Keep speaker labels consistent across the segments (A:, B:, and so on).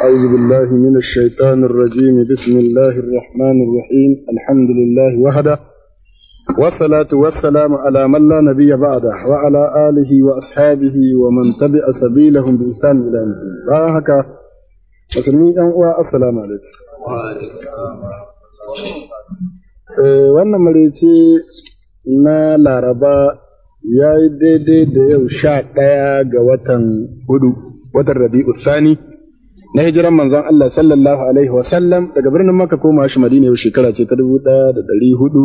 A: أعوذ بالله من الشيطان الرجيم بسم الله الرحمن الرحيم الحمد لله وحده والصلاة والسلام على من لا نبي بعده وعلى آله وأصحابه ومن تبع سبيلهم بإحسان إلى يوم الدين بارك مسلمين السلام عليكم wannan marece na laraba ya yi daidai da yau sha ɗaya ga watan hudu watan rabi'u sani na hijiran manzon Allah sallallahu alaihi wa sallam daga birnin Makka koma shi Madina yau shekara ce ta dubu da dari hudu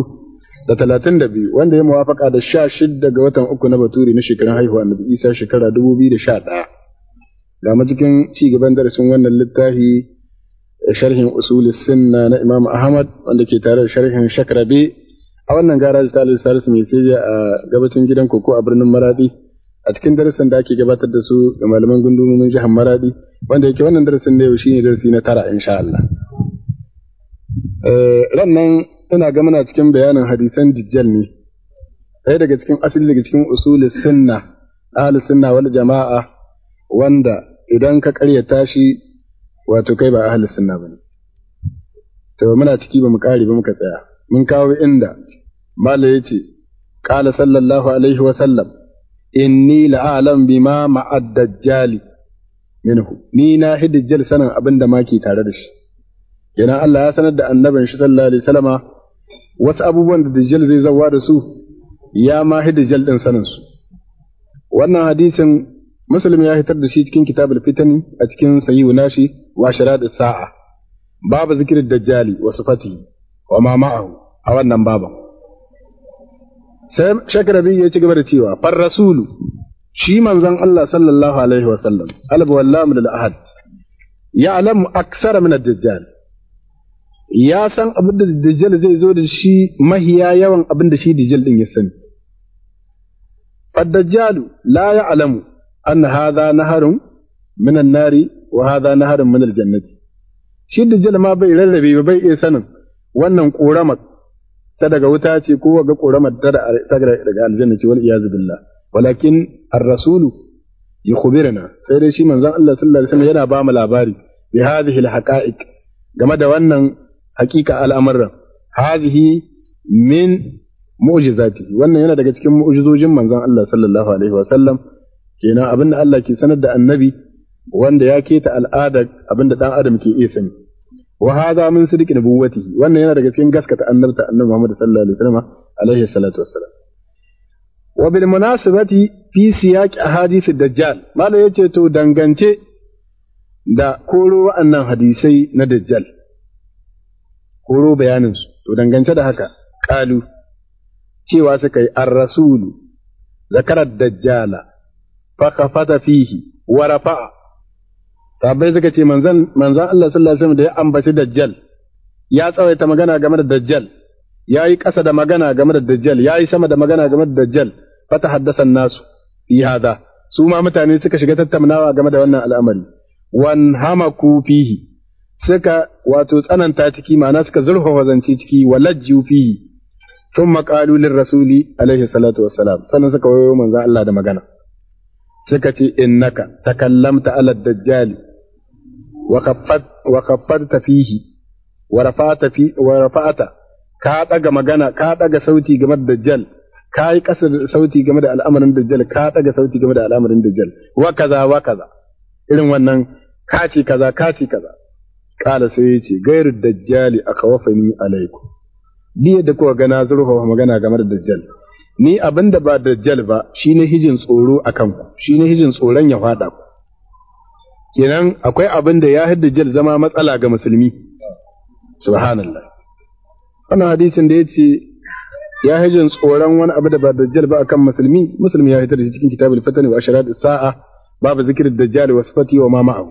A: da talatin da biyu wanda ya muwafaka da sha shida ga watan uku na Baturi na shekarun haihuwa Annabi Isa shekara dubu biyu da sha ɗaya. Ga cikin ci gaban darasin wannan littafi sharhin usul sunna na Imam Ahmad wanda ke tare da sharhin Shakrabi a wannan garaji ta Salisu mai a gabacin gidan koko a birnin Maradi. a cikin darasin da ake gabatar da su ga malaman gundumomin jihar Maradi wanda yake wannan darasin da yau shine darasi na tara insha Allah. Eh, ran nan ina ga muna cikin bayanin hadisan dijjal ne. Ɗaya daga cikin asali daga cikin usulin sunna, ahlus sunna wal jama'a wanda idan ka karya tashi wato kai ba ahlus sunna bane. To muna ciki ba mu kare ba muka tsaya. Mun kawo inda Malam yace, ce, Kala sallallahu alaihi wa sallam, inni la'alam bima ma'ad dajjali minhu ni na hi dajjal sanin abinda da maki tare da shi kenan Allah ya sanar da annabin shi sallallahu alaihi wasallama wasu abubuwan da dajjal zai zawa da su ya ma hi dajjal din sanin su wannan hadisin muslim ya fitar da shi cikin kitabul fitani a cikin sahihu nashi wa sharadu sa'a babu zikirin dajjali wa sifatihi wa ma ma'ahu a wannan baban sai shakarabi ya ci gaba da cewa far rasulu shi manzon Allah sallallahu alaihi wa sallam alba wallahu lil ahad ya'lamu aksara min ad-dajjal ya san abin da dajjal zai zo da shi mahiya yawan abin da shi dajjal din ya sani ad-dajjalu la ya'lamu an hadha naharun min an-nari wa hadha naharun min al-jannati shi dajjal ma bai rarrabe ba bai iya sanin wannan ƙoramar ta daga wuta ce ko ga ƙoramar ta daga aljanna ce wal iyazu billah walakin ar-rasulu yukhbiruna sai dai shi manzon Allah sallallahu alaihi wasallam yana ba mu labari bi hadhihi al-haqa'iq game da wannan haƙiƙa al'amuran hadhihi min mu'jizatihi wannan yana daga cikin mu'jizojin manzon Allah sallallahu alaihi wasallam kenan abinda Allah ke sanar da annabi wanda ya keta al'ada abinda dan adam ke iya sani wa hadha min sidqi nubuwwatihi wannan yana daga cikin gaskata annabta annabi Muhammad sallallahu alaihi wasallam alaihi salatu wassalam wa bil munasabati fi siyaq ahadith ad-dajjal malai yace to dangance da koro wa'annan hadisai na dajjal koro bayanin su to dangance da haka qalu cewa suka yi ar-rasulu zakara ad-dajjala fa khafata fihi wa rafa'a sahabbai suka ce manzan manzan Allah sallallahu alaihi wasallam da ya ambaci dajjal ya tsawaita magana game da dajjal ya yi ƙasa da magana game da dajjal ya yi sama da magana game da dajjal fata haddasa nasu fi hada su ma mutane suka shiga tattaunawa game da wannan al'amari wan hamaku fihi suka wato tsananta ciki ma'ana suka zurfa zance ciki wa walajju fihi thumma qalu lir rasuli alaihi salatu wassalam sannan suka wayo manzon Allah da magana suka ce innaka takallamta ala dajjal wa fihi wa rafa'ata fi ka daga magana ka daga sauti game da dajjal ka yi kasar sauti game da al'amarin dajjal ka daga sauti game da al'amarin dajjal wa kaza wa kaza irin wannan ka ce kaza ka ce kaza kala sai ya ce gairu dajjali aka wafani alaiku ni da kuka gana zurfa magana game da dajjal ni abin da ba dajjal ba shine hijin tsoro akan ku shine hijin tsoron ya fada ku kenan akwai abin da ya hidda jal zama matsala ga musulmi subhanallah wannan hadisin da yace ya hijin tsoron wani abu da ba dajjal ba akan musulmi musulmi ya hitar da cikin kitabul fatani wa asharat sa'a babu zikirin dajjal wa sifati wa ma ma'ahu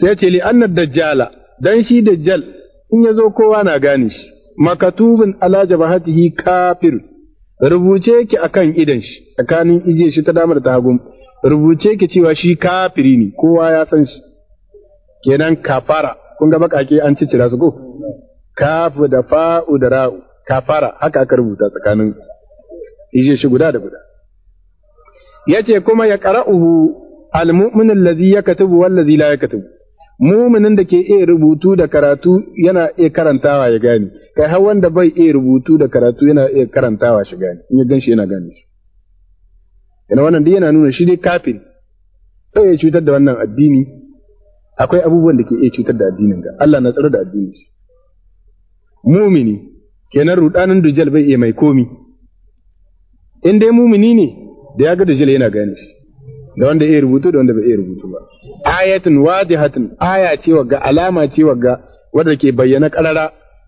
A: sai yace li anna dajjala dan shi dajjal in yazo kowa na gane shi makatubun ala jabahatihi kafir rubuce yake akan idan shi tsakanin ije shi ta damar ta hagu. rubuce ki cewa shi kafiri ne kowa ya san shi kenan kafara kun ga bakake an ci cira su ko kafu da fa'u da ra'u kafara haka aka rubuta tsakanin ije shi guda da guda yace kuma ya qara'uhu al allazi alladhi yaktubu wal ladhi la yaktubu muminin da ke iya rubutu da karatu yana iya karantawa ya gani kai har wanda bai iya rubutu da karatu yana iya karantawa shi gani in ya ganshi yana gani shi yana wannan duk yana nuna shi dai kafin. sai ya cutar da wannan addini akwai abubuwan da ke iya cutar da addinin ga Allah na tsaro da addinin shi mumini kenan rudanin dujal bai iya mai komi in dai mumini ne da ya ga dujal yana gane shi da wanda ya rubutu da wanda bai iya rubutu ba ayatun wadihatun aya ce ga alama ce ga wanda ke bayyana karara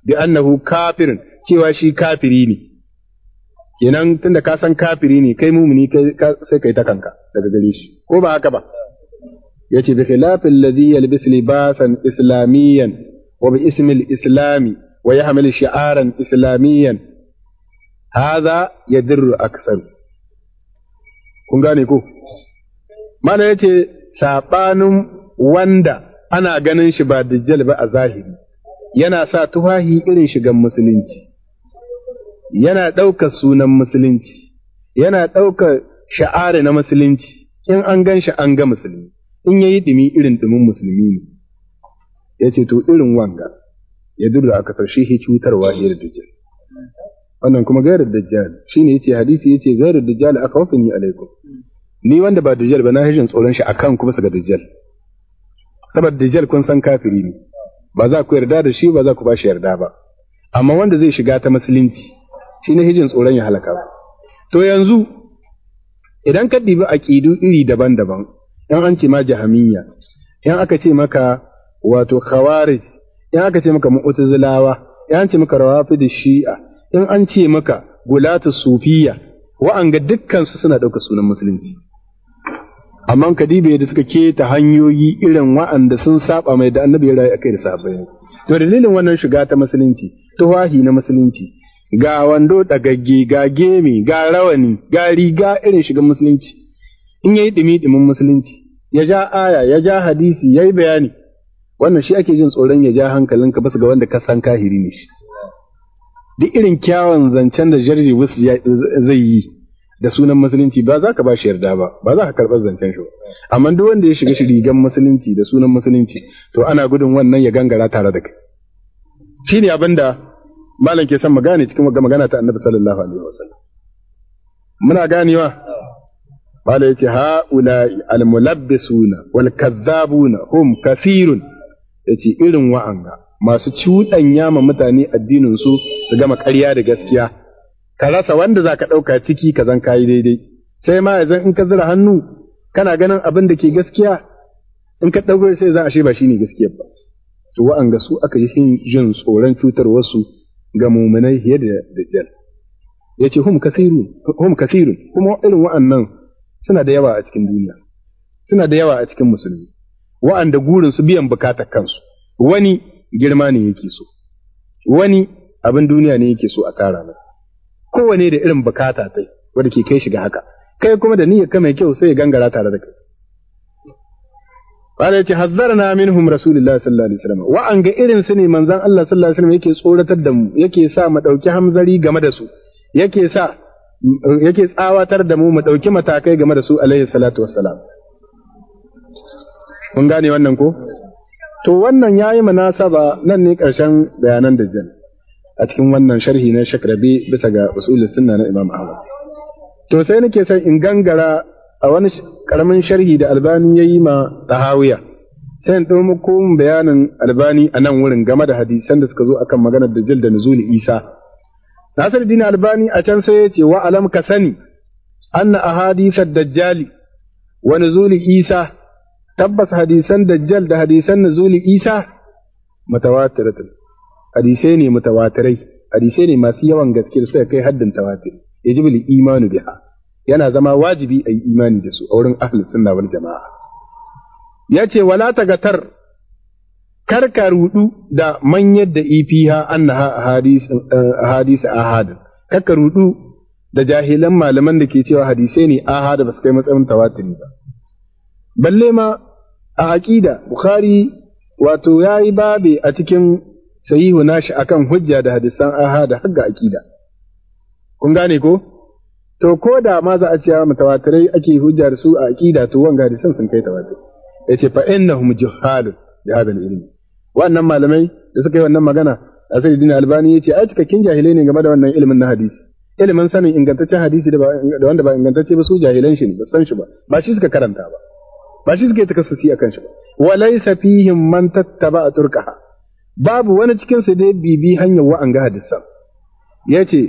A: bi annahu kafirin cewa shi kafiri ne kenan tunda ka san kafiri ne kai mumini kai sai kai ta kanka daga gare shi ko ba haka ba yace bi khilafil ladhi yalbis libasan islamiyan wa bi ismi islami wa yahmil shi'aran islamiyan hadha yadur aksar kun gane ko mana yace sabanin wanda ana ganin shi ba dajjal ba a zahiri yana sa tufahi irin shigan musulunci yana ɗaukar sunan musulunci, yana ɗaukar sha'ari na musulunci, in an gan shi an ga musulmi, in ya yi ɗumi irin ɗumin musulmi ne. Ya ce, To, irin wanga, ya duru a kasar shi cutarwa iya da dajjal. Wannan kuma gairar dajjal, shi ne ya ce hadisi ya ce gairar dajjal aka wafi ni alaikum. Ni wanda ba dajjal ba na hajjin tsoron shi a kan kuma su ga dajjal. Saboda dajjal kun san kafiri ne, ba za ku yarda da shi ba za ku ba shi yarda ba. Amma wanda zai shiga ta musulunci, shi ne hijin tsoron ya halaka ba. to yanzu idan ka dibi aqidu iri daban-daban in an ce ma jahamiyya in aka ce maka wato khawarij in aka ce maka mu'tazilawa in an ce maka da shi'a in an ce maka gulatu sufiya wa'anga dukkansu suna ɗauka sunan musulunci amma kadibe da suka keta hanyoyi irin wa'anda sun saba mai da annabi ya rayu akai da sabayin. to dalilin wannan shiga ta musulunci wahi na musulunci ga wando ɗagagge, ga gemi, ga rawani, ga riga irin shiga musulunci, in ya yi ɗimi musulunci, ya ja aya, ya ja hadisi, ya yi bayani, wannan shi ake jin tsoron ya ja hankalinka basu ga wanda ka san kahiri ne shi. Duk irin kyawun zancen da jarji wasu zai yi da sunan musulunci ba za ka ba shi yarda ba, ba za ka karɓar zancen shi Amma duk wanda ya shiga shi musulunci da sunan musulunci, to ana gudun wannan ya gangara tare da kai. Shi ne abin da malam ke san mu gane cikin magana ta annabi sallallahu alaihi wasallam muna ganewa malam yace ha al mulabbisuna wal kazzabuna hum kathirun yace irin wa'anga masu cuɗanya ma mutane addinin su su gama ƙarya da gaskiya ka rasa wanda za ka ɗauka ciki ka zan kai daidai sai ma yanzu in ka zira hannu kana ganin abin da ke gaskiya in ka ɗauko sai za a shi ba shi ne gaskiya ba to wa'anga su aka yi jin tsoron cutar wasu ga muminai fiye da dajjal ya ce hum kasirun hum kasirun kuma irin wa'annan suna da yawa a cikin duniya suna da yawa a cikin musulmi wa'anda gurin su biyan bukatar kansu wani girma ne yake so wani abin duniya ne yake so a kara mai kowane da irin bukata tai wanda ke kai shiga haka kai kuma da niyyar ka mai kyau sai ya gangara tare da kai ce yace na minhum Rasulullahi sallallahu alaihi wasallam wa an ga irin su ne manzon Allah sallallahu alaihi wasallam yake tsoratar da mu yake sa mu dauki hamzari game da su yake sa yake tsawatar da mu mu dauki matakai game da su alaihi salatu wassalam. Mun gane wannan ko? To wannan yayi munasaba nan ne karshen bayanan da jan a cikin wannan sharhi na Shakrabi bisa ga usulul sunna na Imam Ahmad. To sai nake son in gangara a wani karamin sharhi da albani ya yi ma tahawiya sai in ɗau muku bayanin albani a nan wurin game da hadisan da suka zo akan maganar da jil da nuzuli isa din albani a can sai ya ce wa alam ka sani anna hadisar dajjali wa nuzuli isa tabbas hadisan dajjal da hadisan nuzuli isa mutawatiratun hadisai ne mutawatirai hadisai ne masu yawan gaske da suka kai haddin tawatir yajibul imanu biha yana zama wajibi a yi imani da su a wurin ahli sunna wal jama'a ya ce wala tagatar kar ka rudu da manyan da ifiha annaha hadisi hadis ahad kar ka rudu da jahilan malaman da ke cewa hadisai ne ahad ba su kai matsayin tawatiri ba balle ma a aqida bukhari wato yayi babe a cikin sahihu nashi akan hujja da hadisan ahad har ga aqida kun gane ko to ko da ma za a cewa mutawatirai ake hujjar su a aqida to wanga da sun kai tawatir yace fa innahum juhhal bi hadha ilmi wannan malamai da suka yi wannan magana din Albani yace ai cikakken jahilai ne game da wannan ilimin na hadisi ilimin sanin ingantaccen hadisi da wanda ba ingantacce ba su jahilan shi ne ba san shi ba ba shi suka karanta ba ba shi suka takassusi akan shi ba wa laysa fihim man tattaba turqaha babu wani cikin su da bibi hanyar wa'an ga hadisan yace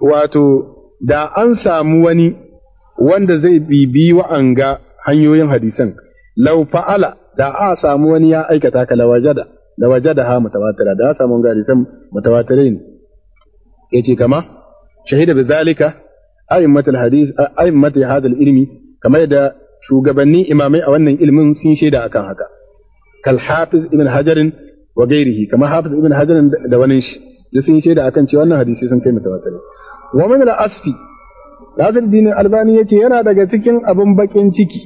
A: wato da an samu wani wanda zai bibi wa'anga hanyoyin hadisan law fa'ala da a samu wani ya aikata ka lawajada lawajada ha mutawatira da samu ga hadisan mutawatirai ne yace kama shahida bi zalika a'immatul hadis a'immatul hadal ilmi kamar da shugabannin imamai a wannan ilmin sun shaida akan haka kal hafiz ibn hajarin wa gairihi kamar hafiz ibn hajarin da wani shi sun shaida akan cewa wannan hadisi sun kai mutawatir wa min al-asfi Nasiruddin Albani yace yana daga cikin abin bakin ciki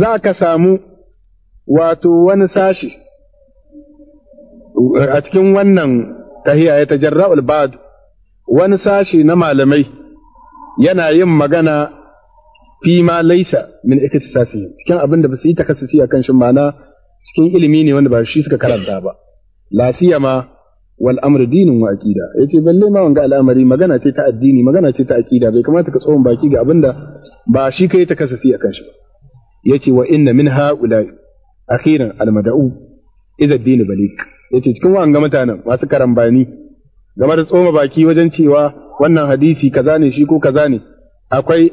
A: za ka samu wato wani sashi a cikin wannan tahiya ya tajarra'ul ba'd wani sashi na malamai yana yin magana fi ma laisa min ikhtisasi cikin abin da ba su yi takassusi kan shi ma'ana cikin ilimi ne wanda ba shi suka karanta ba la siyama wal amr dinin wa aqida yace balle ma wanga al'amari magana ce ta addini magana ce ta aqida bai kamata ka tsohon baki ga abinda ba shi kai ta kasasi akan shi ba yace wa inna min haula akhiran al madau idza ad-din balik yace cikin wanga mutanen masu karambani game da tsoma baki wajen cewa wannan hadisi kaza ne shi ko kaza ne akwai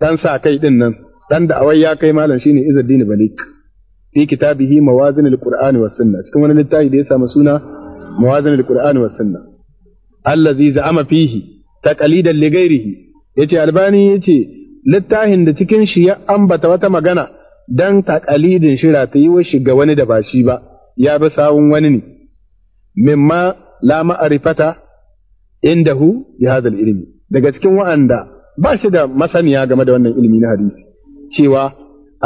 A: dan sa kai din nan dan da awai ya kai malam shine izad din balik fi kitabihi mawazinul qurani was sunna cikin wani littafi da ya samu suna muwazana da Qur'ani wa sunna allazi za'ama fihi taqalidan li ghairihi yace albani yace littafin da cikin shi ya ambata wata magana dan shira shi ratayi shi ga wani da ba shi ba ya bi sawun wani ne mimma la ma'rifata indahu bi hazal ilimi. daga cikin wa'anda ba shi da masaniya game da wannan ilimi na hadisi cewa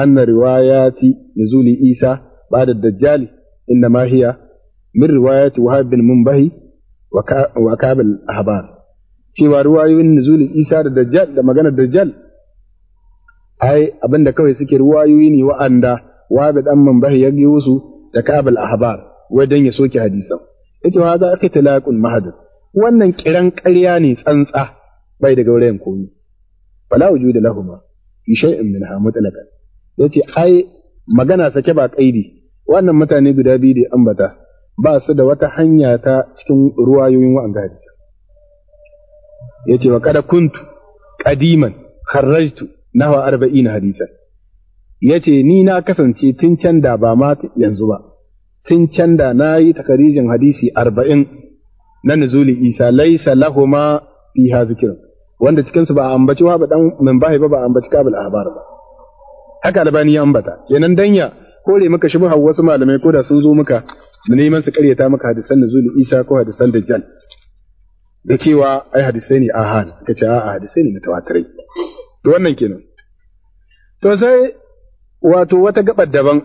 A: anna riwayati nuzuli isa ba da dajjali inna mahiya min riwayat wahab bin munbahi wa kabil ahbar cewa ruwayoyin nuzulin isa da dajjal da maganar dajjal ai abinda kawai suke ruwayoyi ne wa'anda wahab dan munbahi ya giyo su da kabil ahbar wai dan ya soke hadisan ita wa za ka talaqun mahadud wannan kiran ƙarya ne tsantsa bai daga wurin komi wala wujuda lahuma fi shay'in minha mutlaqan yace ai magana sake ba kaidi wannan mutane guda biyu da ambata ba su da wata hanya ta cikin ruwayoyin wa'anga hadisi ce wa kada kuntu qadiman kharrajtu nahwa hadisa hadisan ce ni na kasance tun can da ba ma yanzu ba tun can da na yi takarijin hadisi arba'in na nuzuli isa laisa lahuma fi zikirin wanda cikinsu ba a ambaci wa dan min bahi ba ba a ambaci kabil ahbar ba haka albani ya ambata kenan danya kore maka shubha wasu malamai ko da sun zo maka da neman su karyata maka hadisan nuzulin Isa ko hadisan Dajjal da cewa ai hadisai ne ahan ka ce a'a hadisai ne na tawatarai to wannan kenan to sai wato wata gabar daban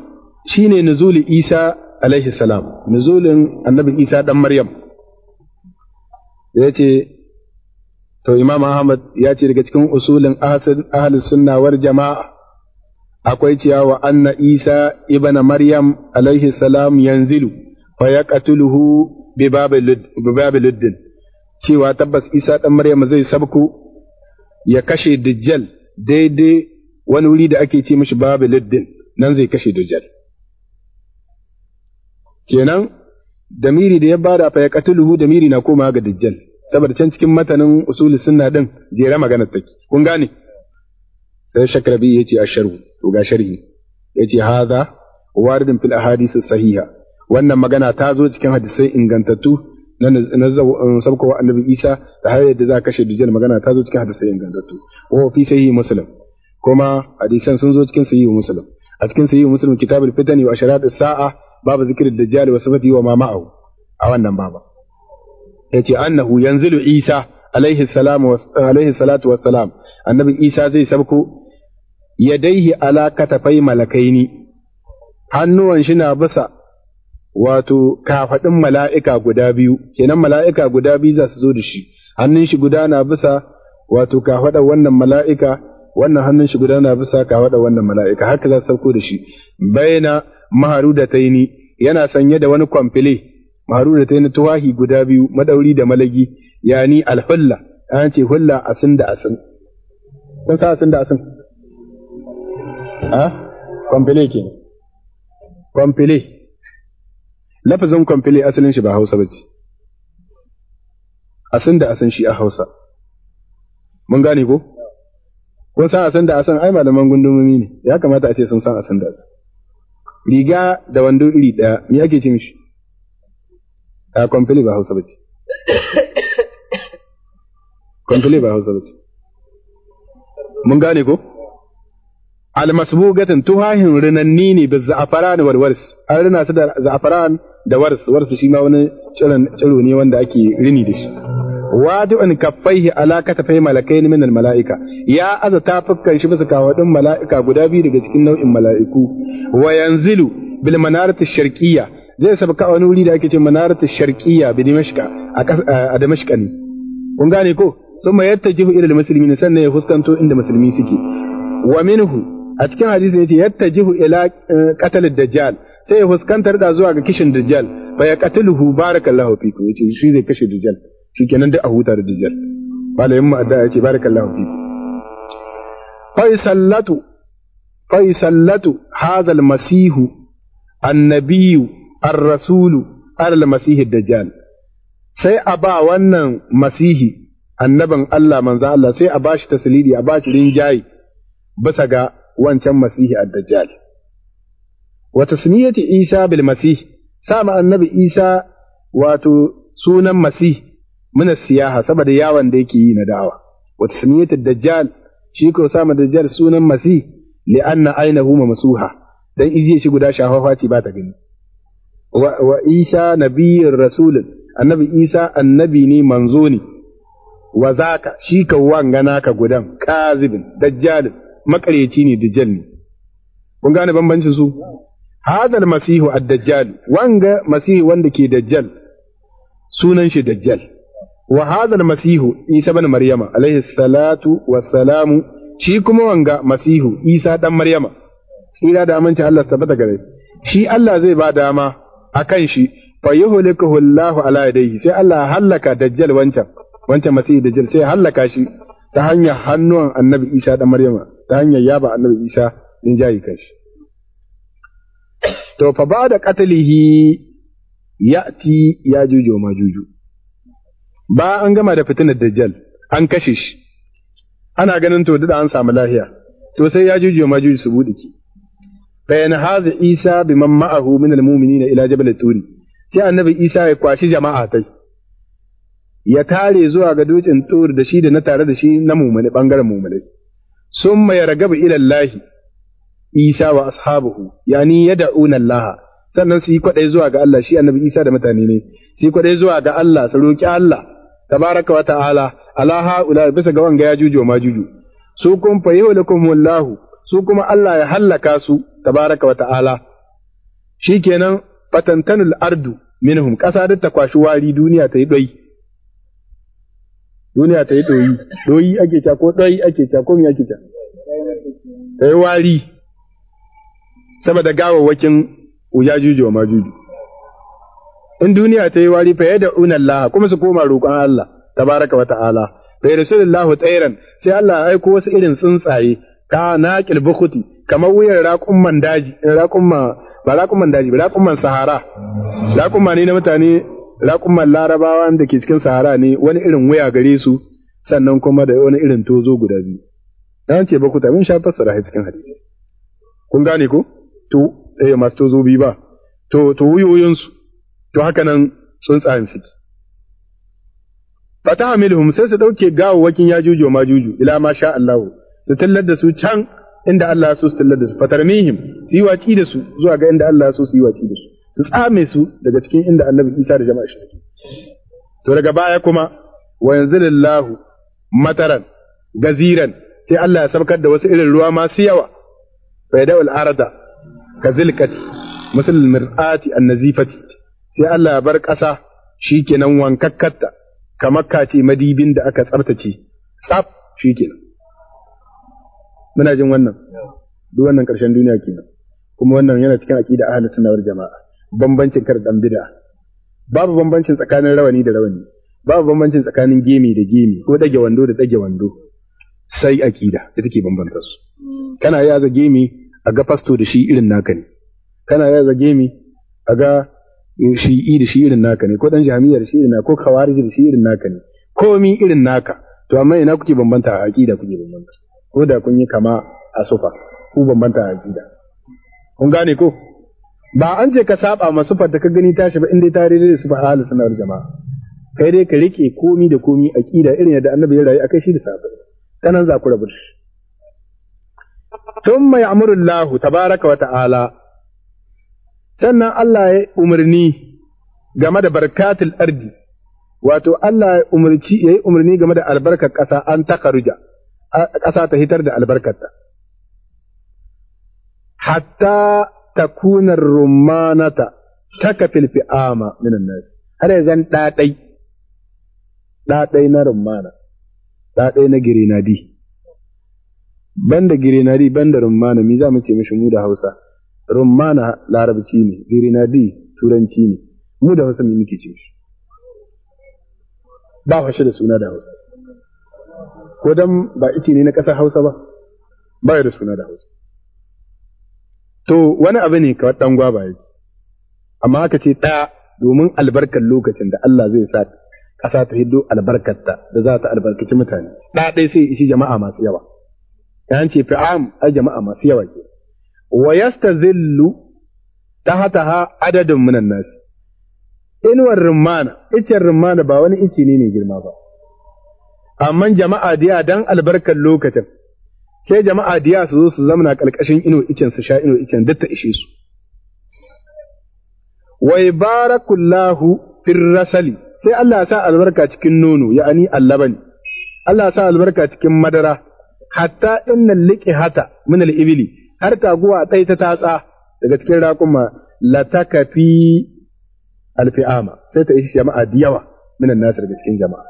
A: shine nuzulin Isa alaihi salam nuzulin annabi Isa dan Maryam yace to Imam Ahmad ya ce daga cikin usulin ahlus sunna war jama'a akwai cewa wa anna Isa ibn Maryam alaihi salam yanzilu wa ya qatuluhu bi cewa tabbas isa dan maryam zai sabku ya kashe dajjal daidai wani wuri da ake ce mishi luddin nan zai kashe dajjal kenan damiri da ya bada fa ya damiri na koma ga dajjal saboda can cikin matanin usulul suna din jera magana take kun gane sai shakrabi yace asharu to ga sharhi yace hadha waridun fil ahadith sahiha wannan magana ta zo cikin hadisai ingantattu na um, sabkowa annabi isa da har yadda za kashe dijiyar magana ta zo cikin hadisai ingantattu wa fi sahihi muslim kuma hadisan sun zo cikin sahihi muslim a cikin sahihi muslim kitabul fitani wa asharat as-sa'a babu zikirin dajjal wa sifati wa ma ma'ahu a wannan baba yace annahu yanzilu isa alaihi salam alaihi salatu wassalam annabi isa zai sabko yadaihi ala katafai malakaini hannuwan shi na bisa wato kafaɗin mala'ika guda biyu, kenan mala'ika guda biyu za su zo da shi, hannun shi guda na bisa wato kafaɗa wannan mala'ika, wannan hannun shi guda na bisa kafaɗa wannan mala'ika, haka za su sauko da shi. Baina maharu da taini yana sanye da wani kwamfile, maharu da taini tuwahi guda biyu, madauri da malagi, yani alhulla, an ce hulla asin da asin. Kun sa asin da asin? Ha? Ah? Kwamfile kenan. Kwamfile. lafazin kwamfile asalin shi ba Hausa ba ce, asin da asin shi a Hausa. Mun gane ko? Kun san asin da asin ai malaman gundumomi ne, ya kamata a ce sun san asin da asin. Riga da wando iri ɗaya, me yake ce mishi? A kwamfile ba Hausa ba ce. Kwamfile ba Hausa ba ce. Mun gane ko? Almasbugatin tuhahin rinanni ne bi za'afaran walwaris, an rina su da za'afaran da wars wars shi ma wani ciro ne wanda ake rini da shi an kaffaihi ala katafai malakaini minal mala'ika ya aza ta fukkan shi bisa kawadin mala'ika guda biyu daga cikin nau'in mala'iku wa yanzilu bil manarati sharqiyya zai sabka wani wuri da ake ce manarati sharqiyya bi dimashka a damashqa ne kun gane ko sun mai yattajihu ila muslimin sannan ya fuskanto inda musulmi suke wa minhu a cikin hadisi yace jihu ila eh, qatal dajjal sai ya fuskantar da zuwa ga kishin dajjal fa ya qatiluhu barakallahu fiku yace shi zai kashe dajjal shikenan duk a huta da dajjal malamin mu adda yace barakallahu fiku faisallatu faisallatu hadha masihu annabiyu ar-rasulu ala almasihi dajjal sai a ba wannan masihi annaban Allah manzo Allah sai a bashi taslidi a bashi rinjayi bisa ga wancan masihi ad-dajjal wa tasmiyati Isa bil Masih sama annabi Isa wato sunan Masih min siyaha saboda yawan da yake yi na da'awa wa tasmiyati Dajjal shi ko sama Dajjal sunan Masih li anna ainahu mamsuha dan ije shi guda shafafa ce ba ta gani wa Isa nabiyyur rasulun annabi Isa annabi ne manzo ne wa zaka shi ka wanga naka gudan kazibin dajjalin makareci ne dajjal ne kun gane bambancin su hadal masihu ad-dajjal wanga masihu wanda ke dajjal sunan shi dajjal wa hadal masihu isa bin maryama alaihi salatu wassalamu shi kuma wanga masihu isa dan maryama tsira da aminci Allah tabbata gare shi Allah zai ba dama akan shi fa yuhlikuhu Allahu ala yadayhi sai Allah halaka dajjal wancan wancan masihu dajjal sai halaka shi ta hanyar hannuwan annabi Isa dan Maryama ta hanyar yaba annabi Isa din jayi kanshi to fa ba da ti ya jujo ma juju. ba an gama da fitinar dajjal an kashe shi ana ganin to da an samu lahiya to sai jujo ma juju su buɗe ki bayan haza isa bi man ma'ahu min almu'minina ila jabal turi sai annabi isa ya kwashi jama'a tai ya tare zuwa ga dutsen tur da shi da na tare da shi na mu'mini bangaren Sun summa yargabu ila allahi Isa wa ashabuhu yani yad'una Allah sannan su yi kwadai zuwa ga Allah shi annabi Isa da mutane ne su yi kwadai zuwa ga Allah su roki Allah tabaraka wa ta'ala ala haula bisa ga wanga ya juju ma juju su kun fa yuhlikum wallahu su kuma Allah ya hallaka su tabaraka wa ta'ala shikenan fatantanul ardu minhum ƙasa duk ta kwashi wari duniya ta yi ɗoyi. Duniya ta yi ɗoyi, ɗoyi ake ta ko ɗoyi ake ta ko me ake ta Ta yi wari, saboda gawawakin ujajuju wa majuju in duniya ta yi wari fa unan laha kuma su koma roƙon Allah tabaraka wa ta'ala fa yursilullahu tsairan sai Allah ya aiko wasu irin tsuntsaye ka naƙil bukuti kamar wuyan raƙumman daji raƙumma ba raƙumman daji ba raƙumman sahara raƙumma ne na mutane raƙumman larabawa da ke cikin sahara ne wani irin wuya gare su sannan kuma da wani irin tozo guda biyu Na ce bakuta mun sha fassara cikin hadisi kun gane ko to eh masu tozo bi ba to to wuyoyinsu to haka nan tsayin suke fata amilhum sai su dauke ya yajuju wa majuju ila ma sha Allah su tallar da su can inda Allah so su tallar da su fatarmihim su yi waci da su zuwa ga inda Allah so su yi waci da su su tsame su daga cikin inda Annabi Isa da jama'a shi to daga baya kuma wa yanzilillahu mataran gaziran sai Allah ya sabkar da wasu irin ruwa masu yawa fa yada'ul arda ka zilkati misal mir'ati annazifati sai Allah ya bar ƙasa shikenan wankakkatta kamar kace madibin da aka tsaftace tsaf shikenan muna jin wannan duk wannan ƙarshen duniya kenan kuma wannan yana cikin aqida ahlus sunna wal jama'a bambancin kar dan bid'a babu bambancin tsakanin rawani da rawani babu bambancin tsakanin gemi da gemi ko dage wando da dage wando sai aqida ita ke bambanta su kana yaza gemi a ga fasto da shi irin naka ne kana ya zage mi a ga shi'i da shi irin naka ne ko dan jami'ar da shi irin naka ko kawariji da shi irin naka ne komi irin naka to amma ina kuke bambanta a aqida kuke bambanta ko da kun yi kama a sufa ku bambanta a aqida kun gane ko ba an ce ka saba ma sufa da ka gani tashi ba inda ta rere da sufa ahlus sunna wal jamaa kai dai ka rike komi da komi aqida irin yadda annabi ya rayu akai shi da sahabbai tanan za ku rabu da shi thumma ya'muru ta tabaraka wa ta'ala sannan Allah ya umarni game da barkatul ardi wato Allah ya umarci yi umarni game da albarkar ƙasa an takaruja ƙasa ta hitar da albarkarta hatta takuna rumanata filfi fi'ama minan nas har zan ɗaɗai ɗaɗai na rumana ɗaɗai na girinadi banda girinadi banda rummana mi za mu ce mishi mu da hausa rummana larabci ne girinadi turanci ne mu da hausa mi muke ce shi ba fashe da suna da hausa ko dan ba ice ne na ƙasar hausa ba ba da suna da hausa to wani abu ne kawai dan gwaba yake amma aka ce ɗaya domin albarkar lokacin da Allah zai sa ƙasa ta hiddo albarkarta da za ta albarkaci mutane ɗaya ɗaya sai ishi jama'a masu yawa hanci ce am a jama'a masu yawa ke wa hata ha adadin munan nasi inuwar rumana icen rumana ba wani ice ne mai girma ba amma jama'a diya dan albarkar lokacin sai jama'a diya su zo su zamana ƙalƙashin ino icen su sha ino icen duk ta ishe su wa barakullahu fir rasali sai Allah ya sa albarka cikin nono ya'ani allabani Allah ya sa albarka cikin madara hatta innal hata min al-ibli har taguwa ɗai ta tatsa daga cikin raƙuma la takafi alfi'ama sai ta ishi jama'a da yawa min an-nas daga cikin jama'a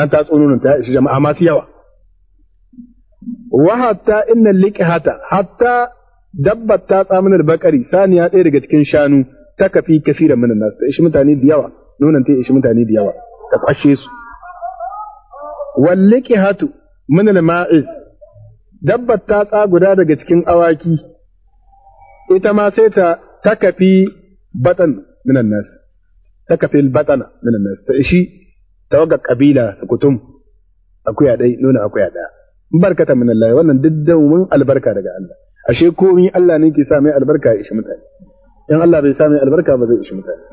A: an ta tsononin ta ishi jama'a masu yawa wa hatta innal hata hatta dabba ta al bakari saniya ɗaya daga cikin shanu ta kafi kafira min nas ta ishi mutane da yawa nonon ta ishi mutane da yawa ta kwashe su walliki hatu min al-ma'iz dabbar ta guda daga cikin awaki ita ma sai ta takafi batan minan nas takafi al-batana minan nas ta ishi tawaga kabila su kutum akuya dai nuna akuya daya barkata min Allah wannan diddamin albarka daga Allah ashe komai Allah ne ke sa mai albarka ya ishi mutane in Allah bai sa mai albarka ba zai ishi mutane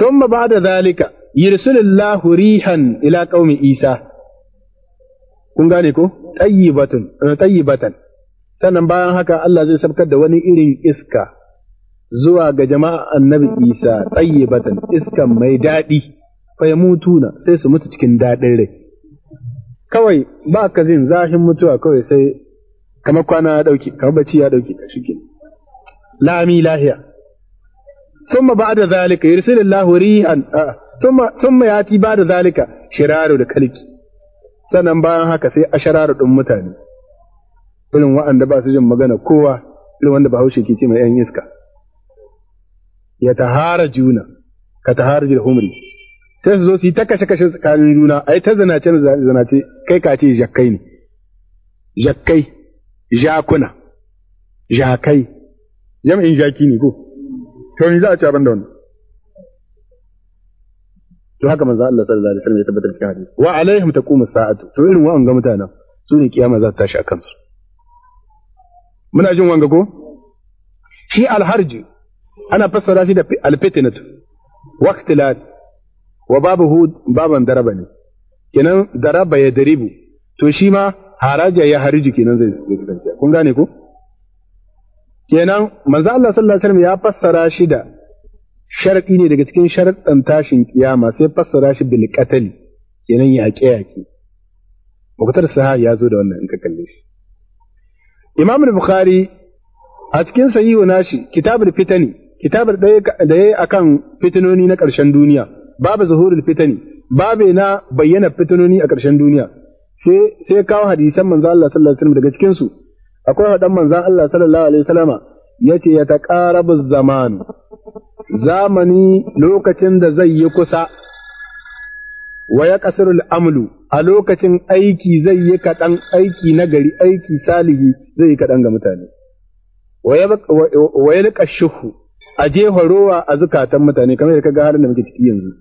A: ثم بعد ذلك يرسل الله ريحا إلى قوم Isa. kun gane ko tayyibatan eh, tayyibatan sannan bayan haka Allah zai sabkar da wani irin iska zuwa ga jama'a annabi Isa tayyibatan iskan mai daɗi fa mutuna sai su mutu cikin daɗin rai kawai ba ka zin zahin mutuwa kawai sai kamar kwana ya ɗauki kamar bacci ya ɗauki ka shike lami lahiya ثم بعد ذلك يرسل الله ريحا ثم ثم ياتي بعد ذلك شرار الكلك sannan bayan haka sai ɗin mutane irin wa'anda ba su jin magana kowa irin wanda bahaushe ke ce mai ‘yan iska ya tahara juna ka tahara jil humri sai su zo su yi ta kashe kashe tsakanin juna ai ta zanace zanace kai ka ce jakai ne Jakai, jakuna jakai jam'in jaki ne ko to ni za a ci abin da wannan to haka manzo Allah sallallahu alaihi wasallam ya tabbatar cikin hadisi wa alaihim taqumu sa'atu to irin wa'an ga mutanen su ne kiyama za ta tashi akan su muna jin wanga ko shi alharj ana fassara shi da alfitnatu waqtilat wa babu Hud baban daraba ne kenan daraba ya daribu to shi ma haraja ya harji kenan zai kasance kun gane ko kenan manzo Allah sallallahu alaihi wasallam ya fassara shi da sharaɗi ne daga cikin sharaɗin tashin kiyama sai fassara shi bil qatali kenan yaƙe yaƙe muqtar sahih ya zo da wannan in ka kalle shi imam bukhari a cikin sahihu nashi kitabul fitani kitabul da yayi akan fitinoni na ƙarshen duniya babu zuhurul fitani babu na bayyana fitinoni a ƙarshen duniya sai sai kawo hadisan manzo Allah sallallahu alaihi wasallam daga cikin su akwai hadan manzan Allah sallallahu alaihi wasallama Ya ce ya taqarabu zamanu zamani lokacin da zai yi kusa wa ya ƙasar amlu a lokacin aiki zai yi kaɗan aiki na gari aiki salihi zai yi kaɗan ga mutane wa ya liƙa shuhu a jefa rowa a zukatan mutane kamar ka ga halin da muke ciki yanzu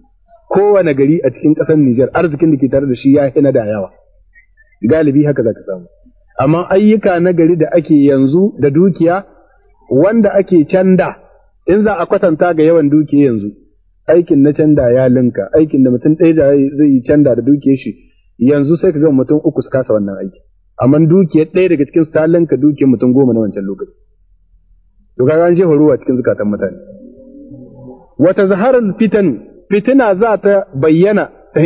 A: kowane gari a cikin ƙasar Nijar arzikin da ke tare da shi ya hina da yawa galibi haka za ka samu amma ayyuka na gari da ake yanzu da dukiya wanda ake canda in za a kwatanta ga yawan duki yanzu aikin na canda ya linka aikin da mutum ɗaya zai yi canda da dukiyar shi yanzu sai ka ga mutum uku su kasa wannan aiki amma dukiyar ɗaya daga cikin su ta linka dukiyar mutum goma na wancan lokaci to kaga an jefa ruwa cikin zukatan mutane wata zaharar fitan fitina za ta bayyana ta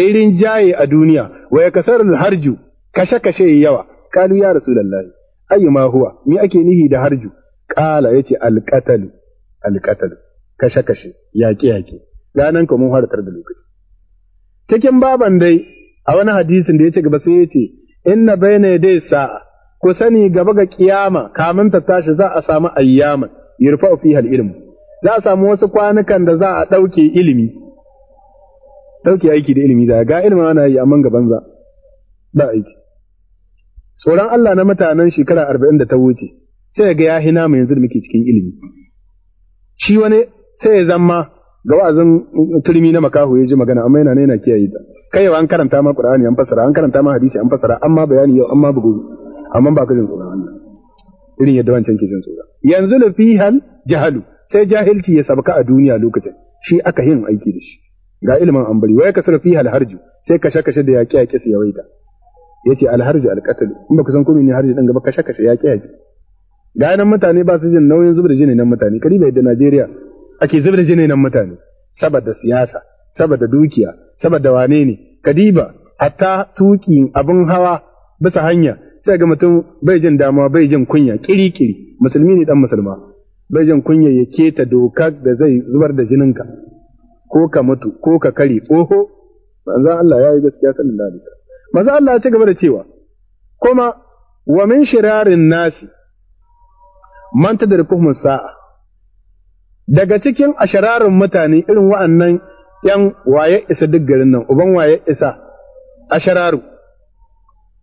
A: yi rinjaye a duniya wa ya kasar harju kashe kashe yawa kalu ya rasu lallai. ayyuma huwa mi ake nihi da harju ƙala yace ce alƙatalu kashe-kashe yaƙe-yaƙe ganan ka mun harkar da lokaci cikin baban dai a wani hadisin da ya ce gaba sai yace ce inna bayna dai sa'a ku sani gaba ga kiyama kamin ta tashi za a samu ayyaman yirfa fi hal ilmu za a samu wasu kwanukan da za a ɗauke ilimi dauke aiki da ilimi da ga ilimi ana yi amma gaban za ba aiki tsoron Allah na mutanen shekara arba'in da ta wuce sai ga ya hina mu yanzu da muke cikin ilimi shi wani sai ya zama ga wa'azin turmi na makaho ya ji magana amma yana ne yana kiyaye ta kai an karanta ma qur'ani an fasara an karanta ma hadisi an fasara amma bayani yau amma bugu amma ba ka jin tsoron Allah irin yadda wancan ke jin tsoron yanzu la fihal jahalu sai jahilci ya sabka a duniya lokacin shi aka yin aiki da shi ga ilimin an bari wai kasar fihal harju sai kashe kashe da yaƙi yaƙi su yawaita yace alharju alqatl in baka san komai ne harji din gaba kashe kashe yaƙi yaƙi ga mutane ba su jin nauyin zubar jini nan mutane kariba yadda Najeriya ake zubar jini nan mutane saboda siyasa saboda dukiya saboda wane ne kadiba hatta tuki abin hawa bisa hanya sai ga mutum bai jin damuwa bai jin kunya kirikiri musulmi ne dan musulma bai jin kunya ya keta dokar da zai zubar da jininka ko ka mutu ko ka kare oho manzo Allah ya yi gaskiya sallallahu alaihi wasallam manzo Allah ya ci gaba da cewa kuma wa min shirarin nasi man tadrikum sa'a daga cikin ashararin mutane irin wa'annan ‘yan waye isa duk garin nan, uban waye isa, ashararu,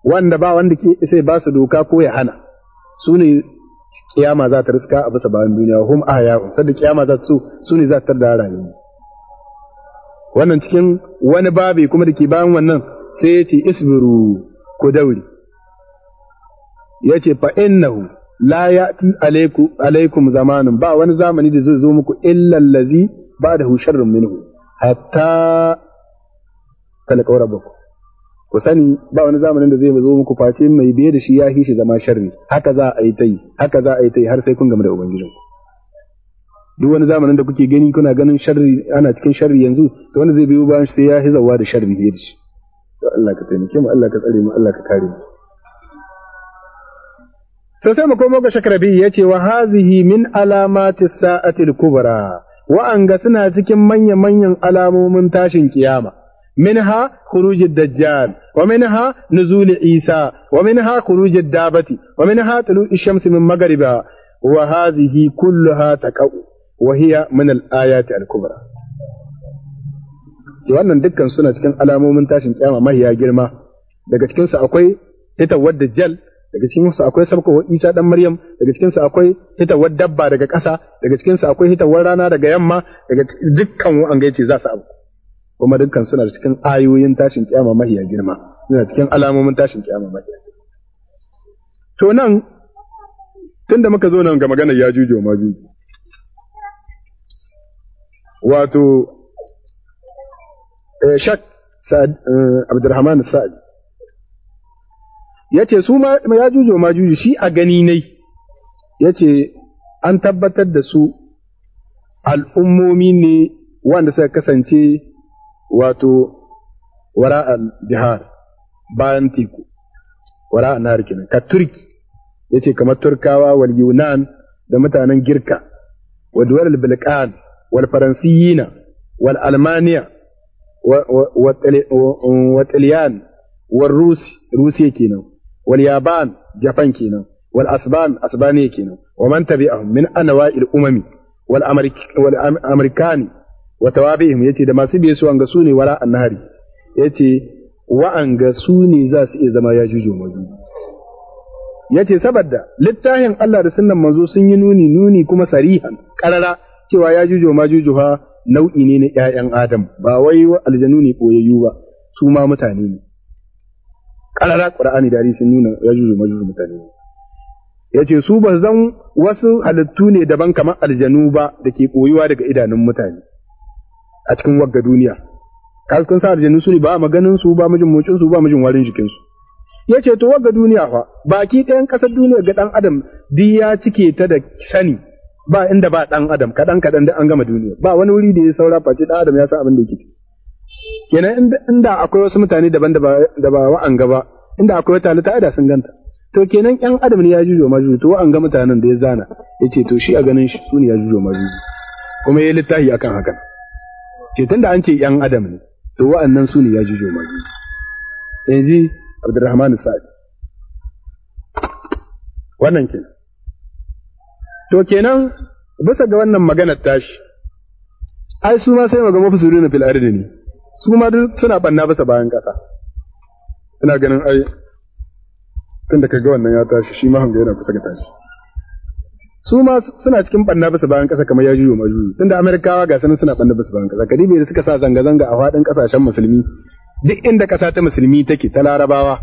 A: wanda ba wanda ke isa ba su doka ko ya hana, su ne kiyama za ta riska a bisa bayan duniya, hum a yawon, sadda kiyama za su su ne za ta da rayuwa. Wannan cikin wani babi kuma da ke bayan wannan sai ya ce isbiru ku dauri, ya ce fa'in nahu la ya'ti alaikum zamanin ba wani zamani da zai zo muku illa allazi ba da sharrun minhu hatta talaka rabbakum ku sani ba wani zamanin da zai zo muku face mai biye da shi ya hishi zama sharri haka za a yi ta yi haka za a yi ta yi har sai kun gama da ubangijinku duk wani zamanin da kuke gani kuna ganin sharri ana cikin sharri yanzu to wanda zai biyo bayan sai ya hizawa da sharri biye da shi to Allah ka taimake mu Allah ka tsare mu Allah ka kare mu sai sai mu komo ga shakarabi ya ce wa hazihi min alamati sa'atil kubra wa'an ga suna cikin manya-manyan alamomin tashin kiyama minha khurujid dajjal wa minha nuzul isa wa minha khurujid dabati wa minha tulu ash-shamsi min maghriba wa hazihi kulluha taqau wa hiya min al-ayati al-kubra to wannan dukkan suna cikin alamomin tashin kiyama mahiya girma daga cikin su akwai ita wadda dajjal daga cikin su akwai sabkon Isa dan Maryam daga cikin su akwai hitawar dabba daga ƙasa daga cikin su akwai hitawar rana daga yamma daga dukkan wa'an gaice za su abu kuma dukkan suna cikin ayoyin tashin kiyama mahiya girma suna cikin alamomin tashin kiyama mahiya to nan tunda muka zo nan ga maganar ya jujo ma jujo wato eh, shak eh, Abdurrahman sa'ad yace su ma yajuju shi a gani ne yace an tabbatar da su al'ummomi ne wanda suka kasance wato wara bihar bayan teku wara nahar kenan ka turki yace kamar turkawa wal yunan da mutanen girka wa duwal bilqan wal faransiyina wal almaniya wa wa wa rusi rusiya kenan wal yaban japan kenan wal asban asbani kenan wa man tabi'ahum min anwa'il umami wal wal amerikani wa tawabihim yace da masu biye su anga sune wara annari yace wa'anga sune za su iya zama yajuju majuju yace saboda littafin Allah da sunnan manzo sun yi nuni nuni kuma sarihan karara cewa yajuju majuju ha nau'i ne na ƴaƴan Adam ba wai aljanu ne koyayyu ba su ma mutane ne ƙarara ƙura'ani da sun nuna yajuzu majuru mutane Ya ce su ba zan wasu halittu ne daban kamar aljanu ba da ke koyuwa daga idanun mutane a cikin wagga duniya kasu sa aljanu su ne ba maganin su ba mijin mocin su ba mijin warin jikin su ce to wagga duniya fa baki ɗayan ƙasar duniya ga ɗan adam duk ya cike ta da sani ba inda ba ɗan adam kadan kadan da an gama duniya ba wani wuri da ya saura face ɗan adam ya san abin da yake ciki kenan inda akwai wasu mutane daban da ba wa'an gaba inda akwai wata ta ada sun ganta to kenan yan adam ne ya jujo majuju to wa'an ga mutanen da ya zana ya ce to shi a ganin shi su ne ya jujo majuju kuma ya littafi akan hakan ce da an ce yan adam ne to wa'annan su ne ya jujo majuju yanzu abdurrahman sa'adi wannan kenan to kenan bisa ga wannan maganar tashi ai su ma sai maga na fil da ne su ma duk suna banna basa bayan ƙasa ina ganin ai tun da kaga wannan ya tashi shi ma hanga yana kusa ga tashi su ma suna cikin banna basa bayan ƙasa kamar ya juyo ma juyo tun da amerikawa ga sanin suna banna basa bayan ƙasa kadibe da suka sa zanga-zanga a faɗin ƙasashen musulmi duk inda ƙasa ta musulmi take ta larabawa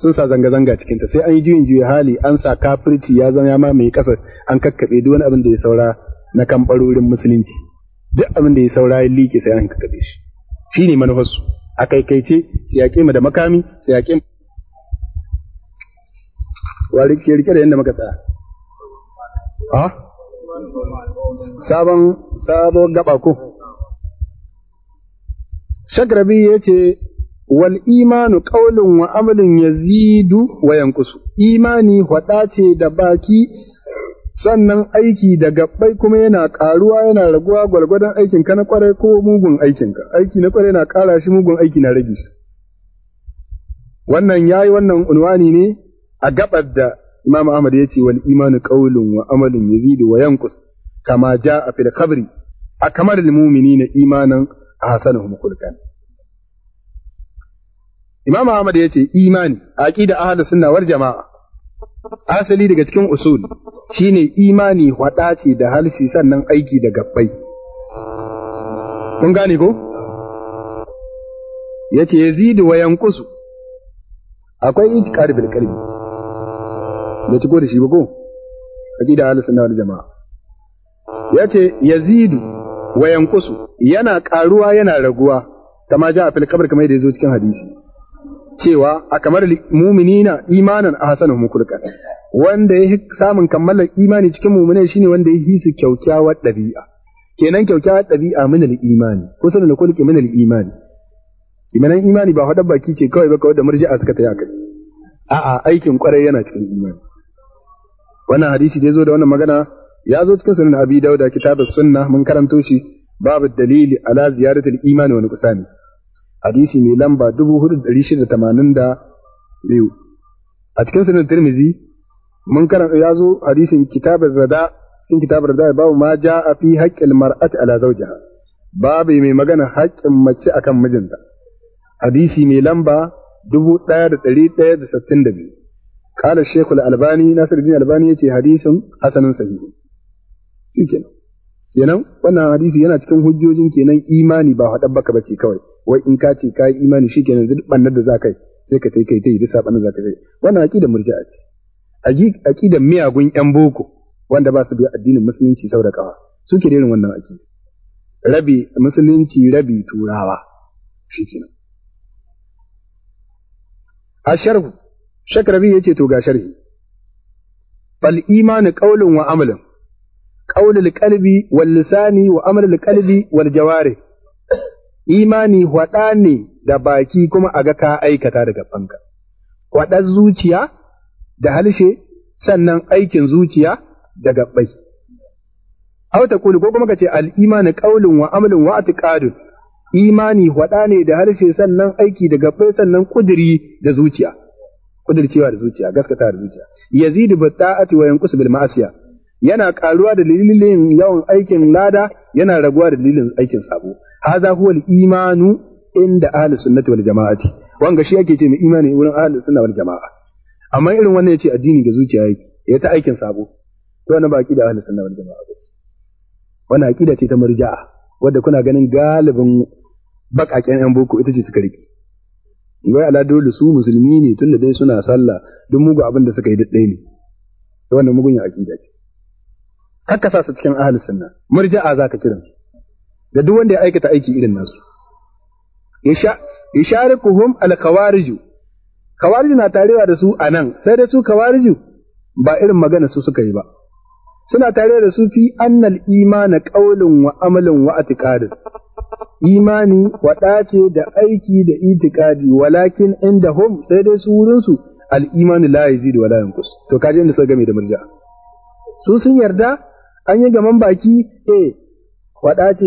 A: sun sa zanga-zanga cikin ta. sai an yi juyin juya hali an sa kafirci ya zama ya mamaye ƙasa an kakkaɓe duk wani abin da ya saura na kamfarorin musulunci duk abin da ya saura ya like sai an kakkabe shi Shi ne manufarsu a kaikaice su yaƙe mu da makami su yaƙe wa rike rike da yadda muka tsara? a sabon sabo gaba ko shagrabi ya ce wal imanu qaulun wa ya yazidu wa Yankusu. imani hwada ce da baki sannan aiki da gabbai kuma yana ƙaruwa yana raguwa gwargwadon aikinka na ƙwarai ko mugun aikinka aiki na ƙwarai na ƙara shi mugun aiki na rage shi wannan yayi wannan unwani ne a gabar da Imam Ahmad ya ce wal imanu qawlun wa amalun yazidu wa yanqus kama jaa fil qabri a kamar lil mu'minina imanan ahsanuhum khulqan Imam Ahmad ya ce imani aqida ahlus sunna wal jama'a asali daga cikin usul shine imani hwada ce da halshi sannan aiki da gabbai kun gane ko yace yazidu wa yanqusu akwai iji bil qalbi bai ci da shi ba ko da ahlus sunna wal jamaa yace yazidu wa yanqusu yana karuwa yana raguwa kama ja fil qabr kamar yadda yazo cikin hadisi cewa a kamar muminina imanan a hasanin mukulkan wanda ya samun kammalar imani cikin mumune shine wanda ya hisu kyaukyawar ɗabi'a kenan kyaukyawar ɗabi'a minal imani kusan da kulki minal imani kimanan imani ba haɗar baki ce kawai ba kawai da murji'a suka tayi akai a'a aikin kwarai yana cikin imani wannan hadisi da ya zo da wannan magana ya zo cikin sunan abi dauda kitabus sunna mun karanto shi babu dalili ala ziyaratul imani wa nuqsani hadisi mai lamba 4682 a cikin sunan tirmizi mun karanta ya zo hadisin kitabar rada cikin kitabar rada babu ma ja a fi haƙƙin mar'ati ala zawjiha babu mai magana haƙƙin mace akan mijinta hadisi mai lamba 1162 قال الشيخ Albani ناصر الدين albani يتي حديث حسن صحيح شكرا kenan wannan hadisi yana cikin hujjojin kenan imani ba haɗa baka bace kawai wai in ka ce ka yi imani shi kenan duk bannar da za ka yi sai ka kai ta yi duk sabanin za ka yi wannan aqidar murji'a ce aqidar miyagun yan boko wanda ba su bi addinin musulunci sau da kawa suke da irin wannan aqida rabi musulunci rabi turawa shi kenan a sharhu shakrabi yace to ga sharhi bal imanu qawlun wa amalin, qawlul qalbi wal lisani wa amalul qalbi wal jawari imani waɗa ne da baki kuma a ga ka aikata daga banka waɗar zuciya da halshe sannan aikin zuciya da gabbai aw ta ko kuma ka ce al'imani ƙaunin wa amalin wa a imani waɗa ne da halshe sannan aiki da gabbai sannan kudiri da zuciya kudircewa da zuciya gaskata da zuciya yazidu bi ta'ati wa yanqus bil ma'asiya yana ƙaruwa da dalilin yawan aikin lada yana raguwa da dalilin aikin sabo hadha huwa al-imanu inda ahli sunnati wal jama'ati wanga shi ake ce mai imani wurin ahli sunna wal jama'a amma irin wannan yace addini ga zuciya yake ya ta aikin sabo to wannan ba aqida ahli sunna wal jama'a ba ce wannan aqida ce ta murja'a wadda kuna ganin galibin bakaken yan boko ita ce suka riki wai ala dole su musulmi ne tunda dai suna sallah duk mugu abin da suka yi daddai ne to wannan mugun ya aqida ce kakka sa su cikin ahli sunna murja'a zaka kiran da duk wanda ya aikata aiki irin nasu yusharikuhum al-kawariju kawariju na tarewa da su anan sai dai su kawariju ba irin magana su suka yi ba suna tare da su fi annal imana qaulun wa amalin wa imani wada ce da aiki da itiqadi walakin indahum sai dai su wurin su al-imanu la yazidu to kaje inda suka game da murja su sun yarda an yi gaman baki eh Kwaɗa ce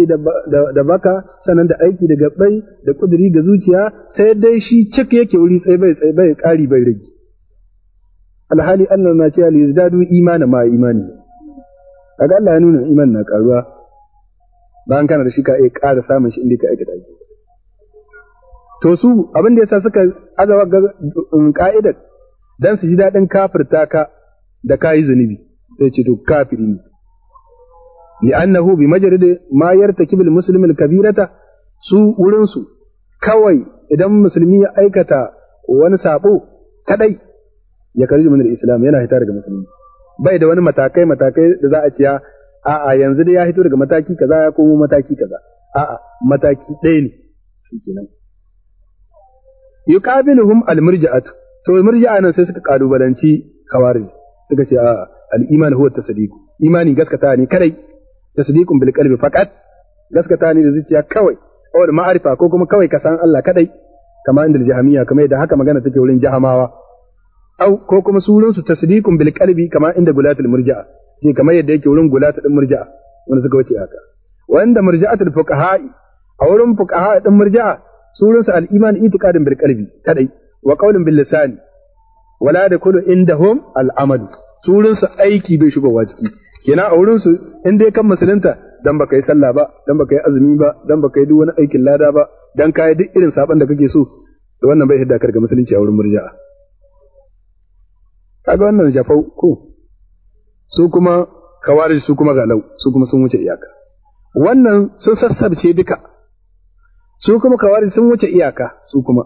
A: da baka sannan da aiki da gaɓai da kuduri ga zuciya sai dai shi cik yake wuri tsaye bai tsaye bai ƙari bai rage alhali Allah na ce ali zadu imana ma imani ga Allah ya nuna iman na karuwa bayan kana da shi ka iya ƙara samun shi inda ka aikata ake to su abin da yasa suka azawa ga ka'idar um, dan su ji daɗin kafirta ka da kayi zunubi sai ce to kafiri ne li'annahu bi majrid ma yartakibu al al-kabirata su wurinsu su kawai idan musulmi ya aikata wani sabo kadai ya karji min islam yana hita daga musulunci bai da wani matakai matakai da za a ciya a'a yanzu da ya hito daga mataki kaza ya komo mataki kaza a'a mataki ɗaya ne shikenan yuqabiluhum al-murji'atu to murji'a nan sai suka kalubalanci khawarij suka ce a'a al-iman huwa tasdiq imani gaskata ne kadai tasdiqun bil qalbi faqat gaskata ne da zuciya kawai aw da ma'arifa ko kuma kawai ka san Allah kadai kama inda jahamiyya kamar yadda haka magana take wurin jahamawa aw ko kuma surun su tasdiqun bil qalbi kama inda gulatul murji'a ce kamar yadda yake wurin gulatul murji'a wanda suka wuce haka wanda murji'atul fuqaha'i a wurin fuqaha din murji'a surun su al iman itiqadin bil qalbi kadai wa qawlin bil lisan wala da kullu indahum al amal surun su aiki bai shigowa ciki Kina a wurin su in dai kan musulunta dan baka yi sallah ba dan baka yi azumi ba dan baka yi duk wani aikin lada ba dan kai duk irin saban da kake so to wannan bai hidda karga musulunci a wurin murja'a kaga wannan jafau ko su kuma kawari su kuma galau su kuma sun wuce iyaka wannan sun sassabce duka su kuma kawari sun wuce iyaka su kuma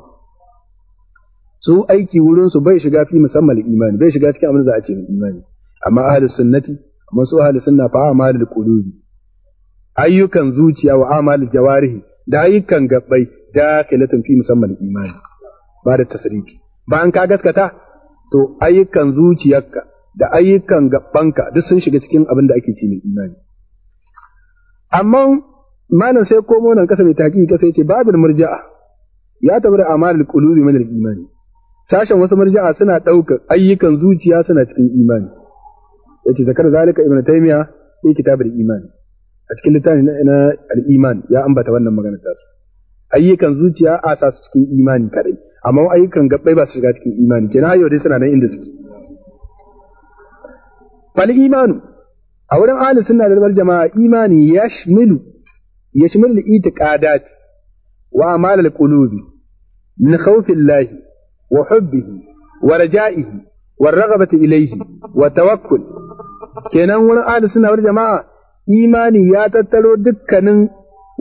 A: su aiki wurin su bai shiga fi musamman imani bai shiga cikin abin da za a ce imani amma ahlus sunnati masu ahli sunna fa amalul qulubi ayyukan zuciya wa amalul jawarihi da ayyukan gabbai da kilatun fi musamman imani ba da tasriki an ka gaskata to ayyukan zuciyarka da ayyukan gabbanka duk sun shiga cikin abin da ake ce mai imani amma malam sai komo nan kasa mai taki kasa yace babul murja'a ya tabbata amalul qulubi min al-imani sashen wasu murja'a suna ɗaukar ayyukan zuciya suna cikin imani yace zakar zalika ibnu taymiya fi kitabul iman a cikin littafin na al-iman ya ambata wannan magana ta su ayyukan zuciya a sa su cikin imani kadai amma ayyukan gabbai ba su shiga cikin imani kenan yau dai suna nan inda suke fal imanu a wurin ahli sunna da jama'a imani yashmilu yashmilu itiqadat wa amal al-qulubi min khawfi wa hubbihi wa raja'ihi warragabata ilaihi wa tawakkul kenan wurin ahli sunna wal jama'a imani ya tattaro dukkanin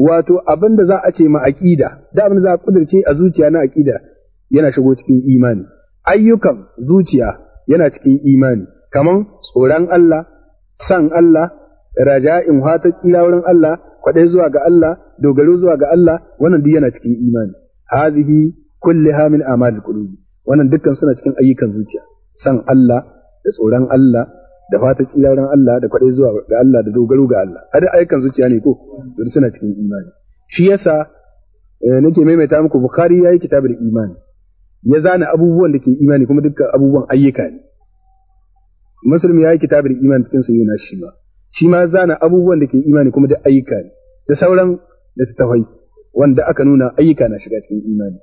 A: wato abin da za a ce ma aqida da abin da za a kudirce a zuciya na aqida yana shigo cikin imani ayyukan zuciya yana cikin imani kaman tsoron Allah san Allah raja'in hata tsira wurin Allah kwaɗai zuwa ga Allah dogaro zuwa ga Allah wannan duk yana cikin imani hazihi kulliha min amal qulubi wannan dukkan suna cikin ayyukan zuciya san Allah da tsoron Allah da fata tsiraran Allah da kwaɗe zuwa ga Allah da dogaro ga Allah hada ayyukan zuciya ne ko don suna cikin imani shi yasa eh, nake maimaita muku bukhari yayi kitabul imani ya zana abubuwan da ke imani kuma dukkan abubuwan ayyuka ne Musulmi yayi kitabul imani cikin sa yuna shi ma shi ma zana abubuwan da ke imani kuma duk ayyuka ne da sauran da tawai wanda aka nuna ayyuka na shiga cikin imani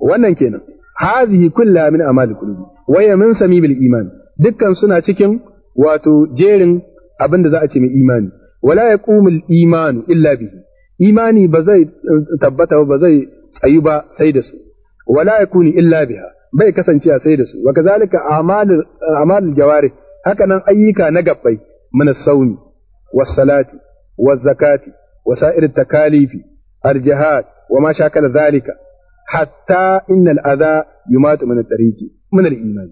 A: wannan kenan hazihi kulla min amal qulubi waya min samibil iman dukkan suna cikin wato jerin abinda za a ce mai imani wala yaqumul imanu illa bihi imani ba zai eh, tabbata ba zai tsayu ba sai da su wala yakuni illa biha bai kasance a sai da su wa kazalika amalul amalul jawarih haka nan ayyuka na gabbai mana saumi was salati wa zakati wasa'ir takalifi al jihad wa ma shakala zalika hatta innal adha yumatu min tariqi min al-iman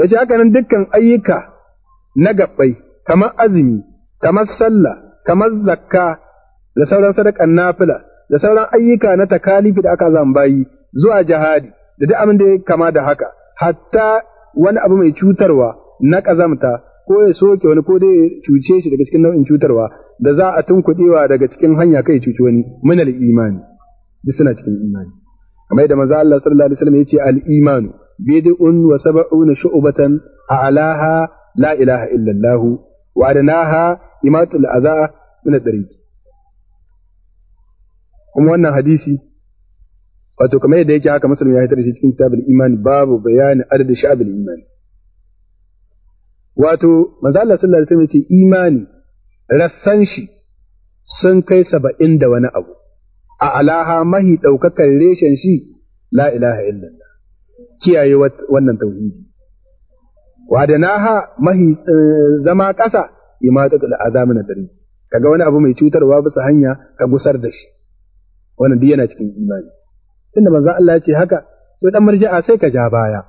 A: yace haka nan dukkan ayyuka na gabbai kamar azumi kamar sallah kamar zakka da sauran sadakan nafila da sauran ayyuka na takalifi da aka zambayi zuwa jihadi da duk abin da ya kama da haka hatta wani abu mai cutarwa na ƙazamta ko ya soke wani ko dai ya cuce shi daga cikin nau'in cutarwa da za a tunkuɗewa daga cikin hanya kai cuci wani da imani duk suna cikin imani kamar yadda manzo Allah sallallahu alaihi wasallam yace al-imanu bid'un wa sab'una shu'batan a'laha la ilaha illa Allah wa adnaha imatul aza min ad-dariq kuma wannan hadisi wato kamar yadda yake haka musulmi ya hitar shi cikin kitabul imani babu bayani adadin sha'abul imani wato manzo Allah sallallahu alaihi wasallam yace imani rassan shi sun kai saba'in da wani abu a alaha mahi ɗaukakan reshen shi la ilaha illallah kiyaye wannan tauhidi ha mahi eh, zama ƙasa imatatul azamina dari kaga wani abu mai cutarwa bisa hanya ka gusar da shi wannan duk yana cikin imani tunda manzon Allah ya ce haka to dan marji'a sai ka ja baya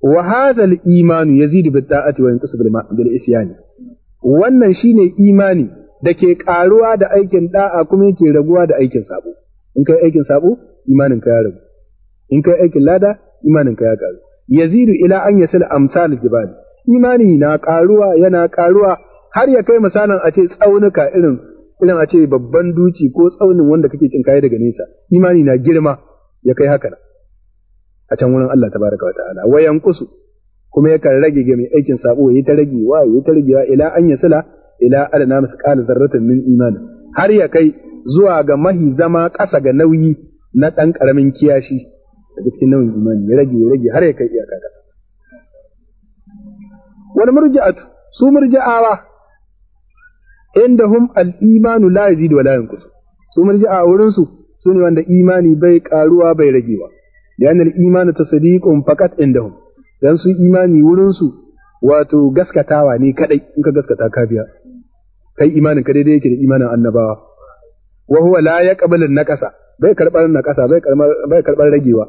A: wa hadha al-iman yazid bi da'ati wa yanqus bil isyani wannan shine imani da ke ƙaruwa da aikin da'a kuma yake raguwa da aikin sabo in kai aikin sabo imanin ya ragu in kai aikin lada imanin ya ƙaru yazidu ila an yasil amsal jibali. imani na ƙaruwa yana ƙaruwa har ya kai misalin a ce tsaunuka irin irin a ce babban duci ko tsaunin wanda kake cin kayi daga nesa imani na girma ya kai haka a can wurin Allah tabaraka wa ta'ala Wayan kusu kuma yakan rage ga mai aikin sabo yayi ta ragewa yayi ta ragewa ila an yasila ila adana misqala zarratin min iman har ya kai zuwa ga mahi zama ƙasa ga nauyi na ɗan ƙaramin kiyashi daga cikin nauyin imani ya rage ya rage har ya kai iyaka ƙasa wal murji'atu su murji'awa hum al-imanu la yazidu wa la yanqus su murji'a wurin su sune wanda imani bai karuwa bai ragewa lian al-imanu tasdiqun faqat indahum dan su imani wurin su wato gaskatawa ne kadai in ka gaskata ka biya kai imanin ka daidai yake da imanin annabawa wa huwa la yaqbalu naqasa bai karbar naqasa bai karbar bai karbar ragewa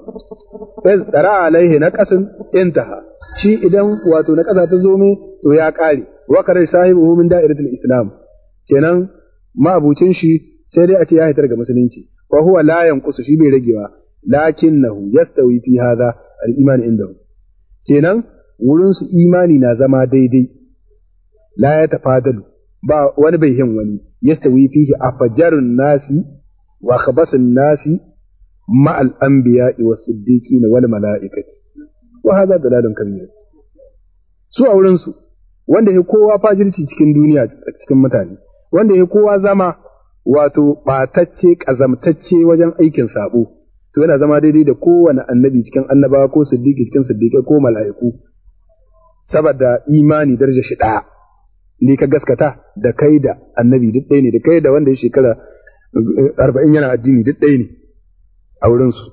A: bai tsara alaihi naqasin intaha shi idan wato naqasa ta zo mai to ya kare wa karar sahibu min da'iratul islam kenan ma'abucin shi sai dai a ce ya hitar ga musulunci wa huwa la yanqusu shi bai ragewa lakinnahu yastawi fi hadha al-iman indahu kenan wurin su imani na zama daidai la ya tafadalu ba wani bai yin wani yastawi fihi afjarun nasi wa khabasun nasi ma al anbiya'i was siddiqina wal mala'ikati wa hadha dalalun kabir su a wurin su wanda ya kowa fajirci cikin duniya cikin mutane wanda ya kowa zama wato batacce kazamtacce wajen aikin sabo to yana zama daidai da kowane annabi cikin annabawa ko siddiqi cikin siddiqai ko mala'iku saboda imani darajar shi ɗaya ni ka gaskata da kai da annabi duk ɗaya ne da kai da wanda ya shekara eh, arba'in yana addini duk ɗaya ne a wurinsu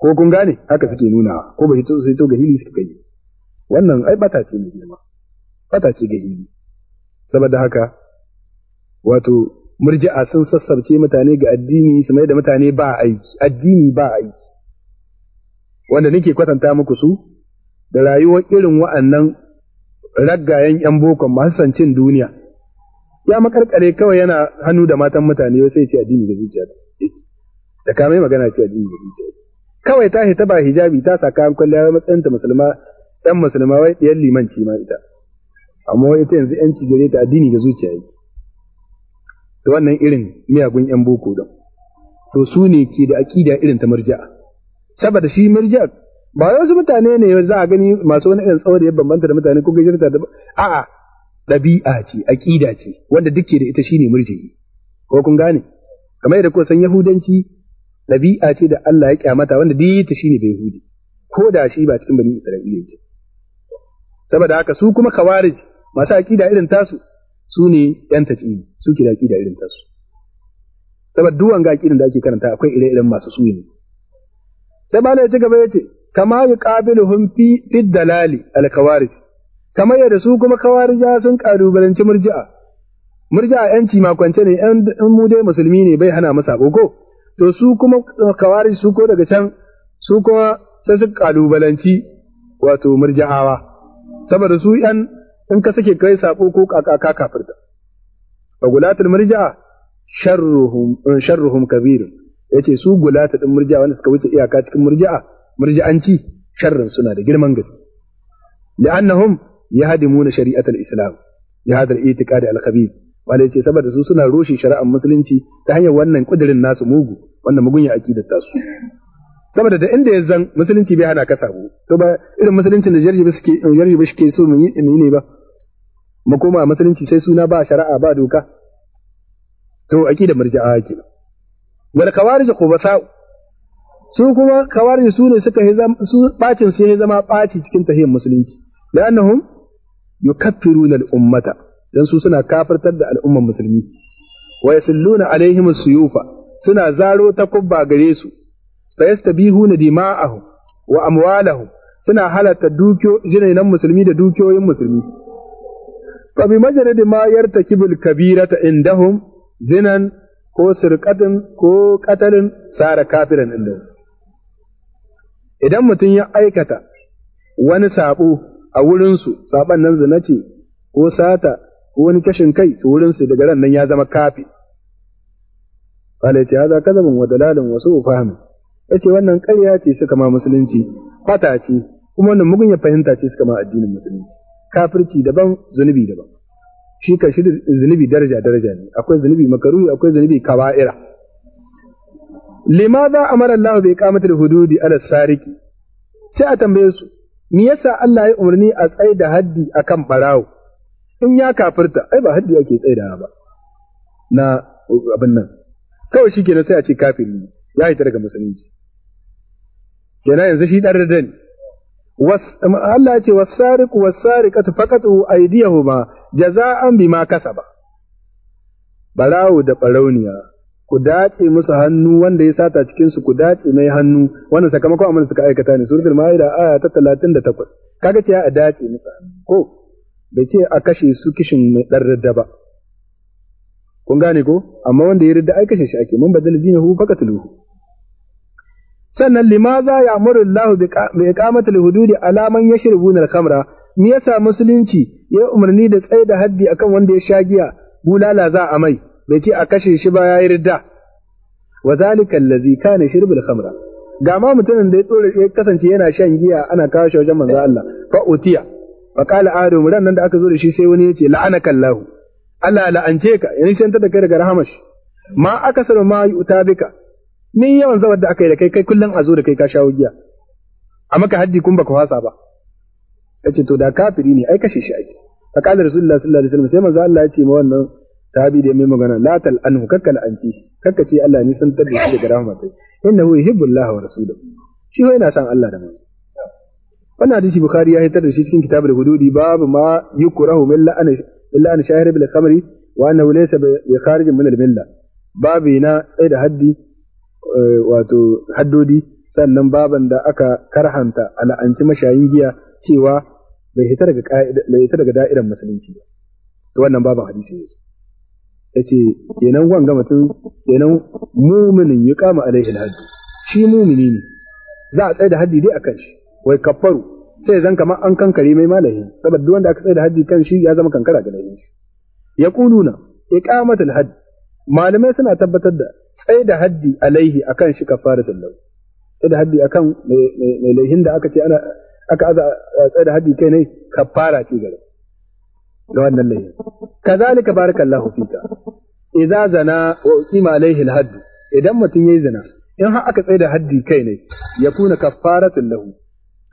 A: ko kun gane haka suke nuna, ko ba sai to gahili suka kai wannan ai bata ce mai girma bata ce gahili saboda haka wato murji'a sun sassabce mutane ga addini su mai da mutane ba aiki addini ba aiki wanda nake kwatanta muku su da rayuwar irin wa'annan raggayen ‘yan bokon masu sancin duniya, ya makarkare kawai yana hannu da matan mutane sai ce addini da zuciya da kame magana ce addini da zuciya kawai ta hita ba hijabi ta sa kayan kwalliya matsayin ta musulma ɗan musulma wai ɗiyan limanci ma ita amma wai ita yanzu ‘yanci gare ta addini da zuciya yake da wannan irin miyagun ‘yan boko don to su ne ke da aƙida irin ta murja'a saboda shi murja'a ba wasu mutane ne za a gani masu wani irin tsawon da ya bambanta da mutane ko gajiyarta da a'a ɗabi'a ce aƙida ce wanda duke da ita shine murji'i ko kun gane kamar yadda ko san yahudanci ɗabi'a ce da Allah ya kyamata wanda duk ta shine bai yahudi ko da shi ba cikin bani isra'ila yake saboda haka su kuma kawarij masu aƙida irin tasu su ne yan taci su kira aƙida irin tasu saboda duwan ga aƙidan da ake karanta akwai ire-iren masu su sai malai ya ci gaba ya ce kama yuqabiluhum fi fi dalali al kama yadda su kuma khawarija sun kalubalanci murji'a murji'a yanci makwance ne yan mu dai musulmi ne bai hana masa ko to su kuma khawarij su ko daga can su kuma sai su kalubalanci wato murji'awa saboda su yan in ka sake kai sako ko kaka ka kafirta fagulatul murji'a sharruhum sharruhum kabirun yace su gulata din murji'a wanda suka wuce iyaka cikin murji'a murji'anci sharrin suna da girman gaske li'annahum yahdimuna shari'atal islam ya hada al-i'tiqad al-khabith wanda yace saboda su suna roshe shari'ar musulunci ta hanyar wannan kudirin nasu mugu wannan mugun ya ta su. saboda da inda ya zan musulunci bai hana ka sabo to ba irin musuluncin da jarjibi suke jarjibi suke so mun yi ne ba mu koma musulunci sai suna ba shari'a ba doka to aqidar murji'a kenan wal khawarij khubasa su kuma kawari su ne suka su bacin su ya zama baci cikin tahiyyar musulunci da annahum yukaffiruna al-ummata dan su suna kafirtar da al'ummar musulmi wa yasalluna alaihim suyufa suna zaro ta kubba gare su fa yastabihuna dima'ahum wa Amwalahu suna halatta dukiyoyin musulmi da dukiyoyin musulmi fa bi majaridi ma yartakibul kabirata indahum zinan ko sirqatin ko qatalin sara kafiran indahum idan mutum ya aikata wani sabo a wurinsu, saban nan zina ce, ko sata, ko wani kashin kai, to wurinsu daga ran nan ya zama kafi. kwalaiti ce, za ka wa wadalalin wasu fahimi. Ya ce wannan ƙarya ce suka ma musulunci, fata ce, kuma wannan mugun ya fahimta ce suka ma addinin musulunci. Kafirci daban, zunubi daban. Shi ka shi zunubi daraja daraja ne, akwai zunubi makaruhi, akwai zunubi kaba'ira. limadha amara Allah bi iqamati hududi ala sariki sai a tambaye su me yasa Allah ya umarni a tsaye da haddi akan barawo in ya kafirta ai ba haddi ake tsaye da ba na abin nan kawai shi kenan sai a ce kafiri ya hita daga musulunci kenan yanzu shi dan da ne Allah ya ce wasariq wasariqatu faqatu aydiyahuma jaza'an bima kasaba barawo da barauniya ku dace musu hannu wanda ya sata cikin su ku dace mai hannu wannan sakamakon amma suka aikata ne suratul maida aya ta 38 kaga ce a dace musu ko bai ce a kashe su kishin mai dan radda ba kun gane ko amma wanda ya radda ai kashe shi ake mun badal dinahu faqatluhu sannan limaza ya amuru Allah bi iqamatil hududi ala man yashrubu al-khamra me yasa musulunci ya umarni da tsaye da haddi akan wanda ya sha giya bulala za a mai bai ce a kashe shi ba yi ridda wa zalika allazi kana shirbul khamra ga ma mutumin da ya tsore ya kasance yana shan giya ana kawo shi wajen manzo Allah fa utiya fa qala adam ran nan da aka zo da shi sai wani yace la'anaka Allah Allah la'ance ka yani shi ta da kai daga rahamash ma aka sanar ma yuta bika Ni yawan zawar da aka yi da kai kai kullun a zo da kai ka shawo giya a maka haddi kun baka fasa ba ce to da kafiri ne ai kashe shi ake fa qala rasulullah sallallahu alaihi wasallam sai manzo Allah ya ce ma wannan sahabi da ya mai magana la tal anhu kakka la'anci shi kakka ce Allah ni san tabbi shi daga rahama kai innahu yuhibbullaha wa rasuluhu shi ho yana son Allah da manzo wannan hadisi bukhari ya hitar da shi cikin kitabul hududi babu ma yukrahu min an min la'an shahir bil khamri wa annahu laysa bi kharij min al milla babu na tsaida da haddi eh, wato haddodi sannan baban da aka karhanta ala'anci mashayin giya cewa bai hita daga da'irar musulunci ba to wannan baban hadisi ne yace kenan ga mutum kenan muminin ya kama alaihi alhaji shi mumini ne za a tsaye da haddi dai akan shi wai kafaru sai zan kamar an kankare mai malahi saboda duk wanda aka tsaye da haddi kan shi ya zama kankara ga lahin shi yaquluna iqamatul hadd malamai suna tabbatar da tsaye da haddi alaihi akan shi kafaratul lahu tsaye da haddi akan mai laihin da aka ce ana aka aza tsaye da haddi kai ne kafara ce gare ga wannan laifin kazalika barakallahu fika idza zana wa usima alaihi alhadd idan mutum yayi zina in har aka tsaye da haddi kai ne ya kuna kafaratun lahu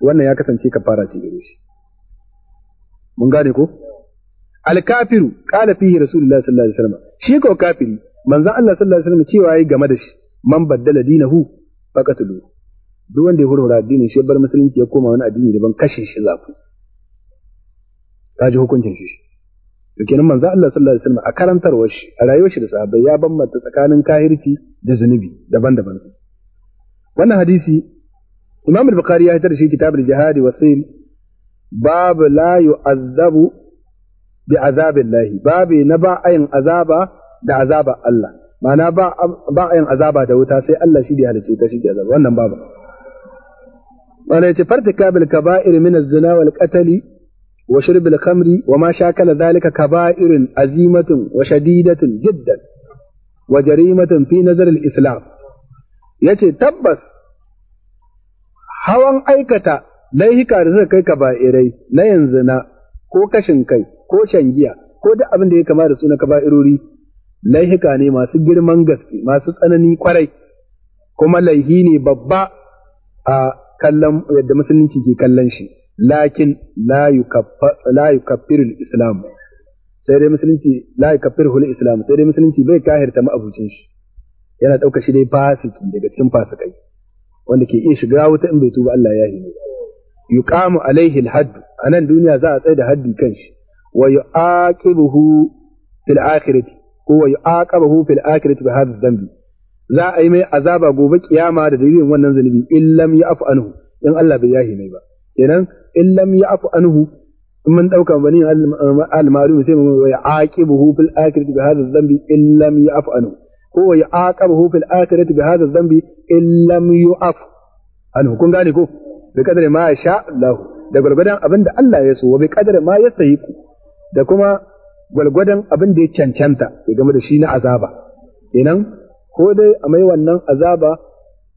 A: wannan ya kasance kafara ce gare shi mun gane ko alkafiru qala fihi rasulullahi sallallahu alaihi wasallam shi ko kafiri manzon Allah sallallahu alaihi wasallam cewa yayi game da shi man baddala dinahu faqatlu. duk wanda ya hurhura addinin shi bar musulunci ya koma wani addini daban kashe shi zafi ka ji hukuncin shi to kenan manzo Allah sallallahu alaihi wasallam a karantarwar shi a rayuwar shi da sahabbai ya bambanta tsakanin kahirci da zunubi daban-daban su wannan hadisi Imam al-Bukhari ya hitar da shi kitabul jihadi wasil bab la yu'azzabu bi azabillahi babi na ba ayin azaba da azaba Allah ma'ana ba ba ayin azaba da wuta sai Allah shi da halicce ta shi ke azaba wannan babu wala yace fartikabil kaba'ir min az-zina wal qatl wa shirbil khamri wa ma shakala dhalika kaba'irun azimatin wa shadidatin jiddan wa jarimatin fi nazar al-islam yace tabbas hawan aikata laihika da zai kai kaba'irai na yanzu na ko kashin kai ko shangiya ko duk abin da ya kama da suna na kaba'irori laihika ne masu girman gaske masu tsanani kwarai kuma laihi ne babba a kallon yadda musulunci ke kallon shi lakin la yukaffirul islam sai dai musulunci la yukaffirul islam sai dai musulunci bai kahirta ma'abucin shi yana ɗauka shi dai fasiki daga cikin fasikai wanda ke iya shiga wuta in bai tuba Allah ya yi yuqamu alaihi alhadd nan duniya za a tsaya da haddi kanshi wa yu'aqibuhu fil akhirati ko wa yu'aqabuhu fil akhirati bi hadha dhanbi za a yi mai azaba gobe kiyama da dalilin wannan zanubi in lam ya'fu anhu in Allah bai yahi mai ba kenan in lam afu anhu in mun dauka bani al-ma'ruf sai mu ya aqibuhu fil akhirati bi hadha dhanbi in lam afu anhu ko ya buhu fil akhirati bi hadha dhanbi in lam yu'af anhu kun gane ko bi kadari ma sha Allah da gwargwadon abin da Allah ya so bi kadari ma ku. da kuma gwargwadon abin da ya cancanta ya game da shi na azaba kenan ko dai a mai wannan azaba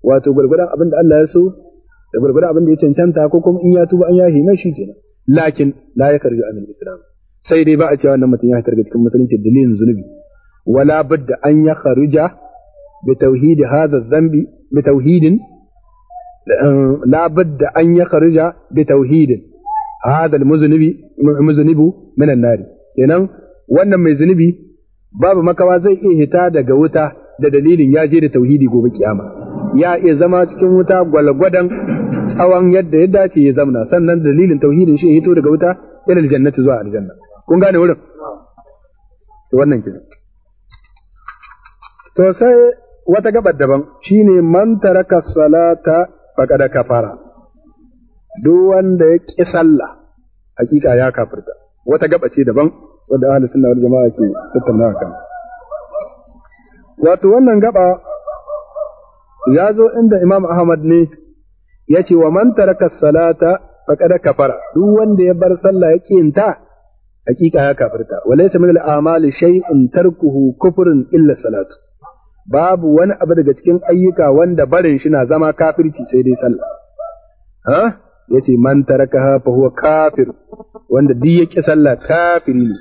A: wato gwargwadon abin da Allah ya so da gurgura abin da ya cancanta ko kuma in ya tuba an yahi mai shi kenan lakin la ya karju amin islam sai dai ba a cewa wannan mutum ya fitar da cikin musulunci dalilin zunubi wala budda an ya kharija bi tauhid hadha dhanbi bi tauhidin la budda an ya kharija bi tauhidin hadha almuznibi muznibu min an-nar kenan wannan mai zunubi babu makawa zai iya hita daga wuta da dalilin ya je da tauhidi gobe kiyama ya iya zama cikin wuta gwalgwadan tsawon yadda ya dace ya zamna sannan dalilin tauhidin shi ya hito daga wuta ila jannati zuwa aljanna kun gane wurin wannan kenan to sai wata gabar daban shine man taraka salata faqad kafara duk wanda ya ki sallah hakika ya kafirta wata gaba ce daban wanda ahlus sunna wal jama'a ke tattauna kan wato wannan gaba ya zo inda Imam Ahmad ne ya ce wa man taraka salata faqad kafara duk wanda ya bar sallah ya kinta hakika ya kafirta walaysa min al-amali shay'un tarkuhu kufrun illa salatu babu wani abu daga cikin ayyuka wanda barin shi na zama kafirci sai dai sallah ha yace man taraka fa huwa kafir wanda duk ya ki sallah kafiri ne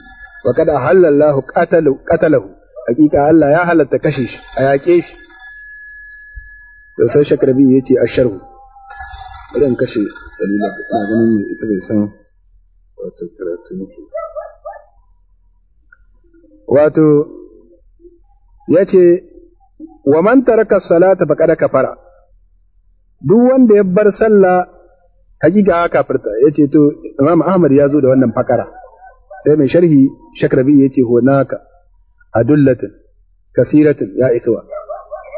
A: wa kada halallahu qatalahu qatalahu hakika Allah ya halatta kashe shi a yaƙe shi sai shakarbi ya ce asharhu bari kashe salila na ganin mai ita bai san wato karatu nake wato ya ce wa man taraka salata kada kafara duk wanda ya bar sallah hakika kafirta ce to Imam Ahmad ya zo da wannan fakara sai mai sharhi Shakrabi yace honaka adullatin kasiratin ya ikwa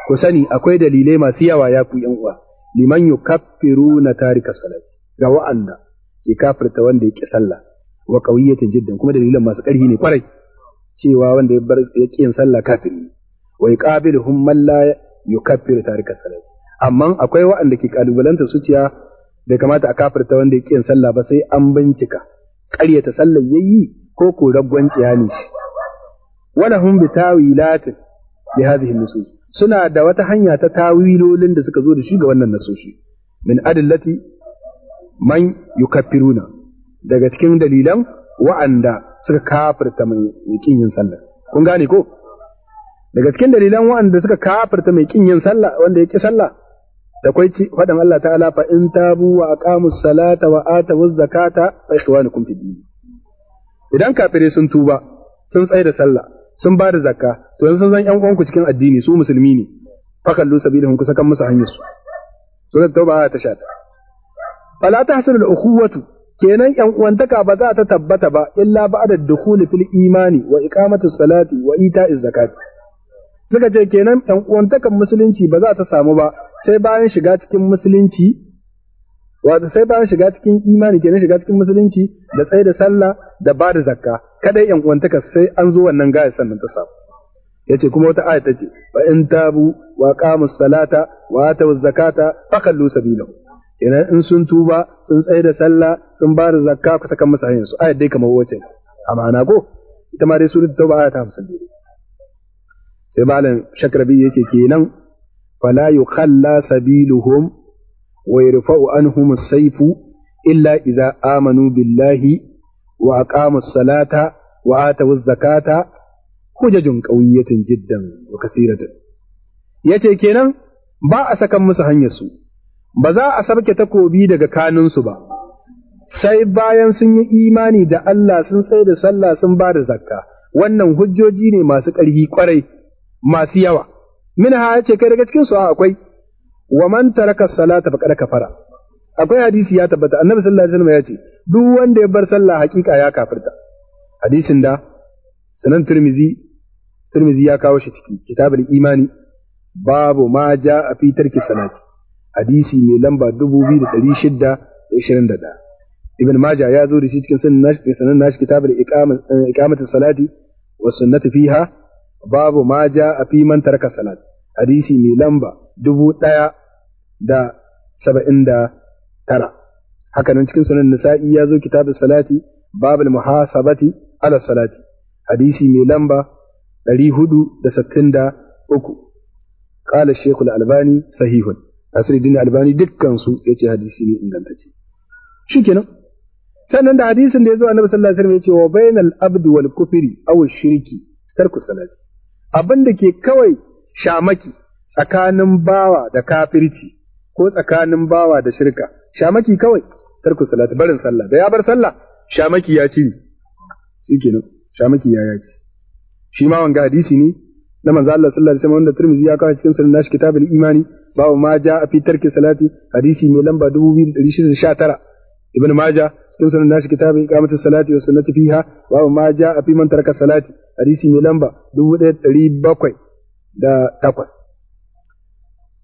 A: ku sani akwai dalilai masu yawa ya ku yan uwa liman yukaffiru na tarika salat ga wa'anda ke kafirta wanda ya sallah wa qawiyatin jiddan kuma dalilan masu ƙarfi ne kwarai cewa wanda ya bar ya yin sallah kafiri wa yuqabiluhum man la yukaffiru tarika salat amma akwai wa'anda ke kalubalanta su da kamata a kafirta wanda ya yin sallah ba sai an bincika ƙaryata sallar yayi ko ko raggwanciya ne shi wala hum bitawilatin bi hadhihi nusus suna da wata hanya ta tawilolin da suka zo da shi ga wannan nasoshi min adillati man yukaffiruna daga cikin dalilan wa'anda suka kafirta mai yakin yin sallah kun gane ko daga cikin dalilan wa'anda suka kafirta mai yakin yin sallah wanda ya sallah da kwai ci fadan Allah ta'ala fa in tabu wa aqamus salata wa atawuz zakata fa ikhwanukum fid din idan kafire sun tuba sun tsaya da sallah sun ba da zakka to yanzu sun san yan uwanku cikin addini su musulmi ne fakallu sabilahum ku sakan musu hanyar su surat tauba ta shata fala tahsulu al-ukhuwatu kenan yan uwantaka ba za ta tabbata ba illa ba'da dukhuli fil imani wa iqamati salati wa ita'i zakati suka ce kenan yan uwantakan musulunci ba za ta samu ba sai bayan shiga cikin musulunci wato sai bayan shiga cikin imani kenan shiga cikin musulunci da tsaye da sallah da ba da zakka kada yan taka sai an zo wannan gaya sannan ta samu yace kuma wata aya tace fa in tabu wa qamus salata wa atu zakata kallu sabila kenan in sun tuba sun tsaye da sallah sun ba da zakka ku saka musu hanyar su ayat dai kamar wace amana ko ita ma dai suratul tauba ayat 52 sai malam shakrabi yace kenan fala yukhalla sabiluhum wa yarfa'u anhum as-sayfu illa idza amanu billahi wa aqamu as-salata wa atu yace kenan ba a sakan musu hanyar su ba za a sarke takobi daga kanunsu ba sai bayan sun yi imani da Allah sun tsaye da sallah sun ba da zakka wannan hujjoji ne masu ƙarfi ƙwarai masu yawa minha ya ce kai daga cikinsu su akwai wa man taraka salata faqad kafara akwai hadisi ya tabbata annabi sallallahu alaihi wasallam ya ce duk wanda ya bar sallah hakika ya kafirta hadisin da sanan tirmizi tirmizi ya kawo shi ciki kitabul imani babu ma ja a fi tarki salati hadisi mai lamba 2621 ibn maja ya zo da shi cikin sanan nashi kitabul iqamatu salati wa sunnati fiha babu ma ja a fi man taraka salati hadisi mai lamba dubu ɗaya da saba'in da tara. Hakanan cikin sunan nisa'i ya zo kitabin salati babul muhasabati ala salati hadisi mai lamba ɗari hudu da sittin da uku. Ƙala Shekul Albani sahihun. Nasiruddin Albani dukkansu ya ce hadisi ne ingantacce. Shi kenan. Sannan da hadisin da ya zo annabi sallallahu alaihi wasallam ya ce wa bainal abdu wal kufri aw shirki tarku salati. Abin da ke kawai shamaki tsakanin bawa da kafirci ko tsakanin bawa da shirka shamaki kawai tarku salat barin sallah da ya bar sallah shamaki ya ci. cire shikenan shamaki ya yaci shi ma wanga hadisi ne na manzo Allah sallallahu alaihi wasallam wanda Tirmidhi ya kawo cikin sunan nashi kitabul imani babu ma ja a fi tarki salati hadisi mai lamba 2619 ibn majah cikin sunan nashi kitabul iqamati salati wa sunnati fiha babu ma ja a fi man taraka salati hadisi mai lamba 1708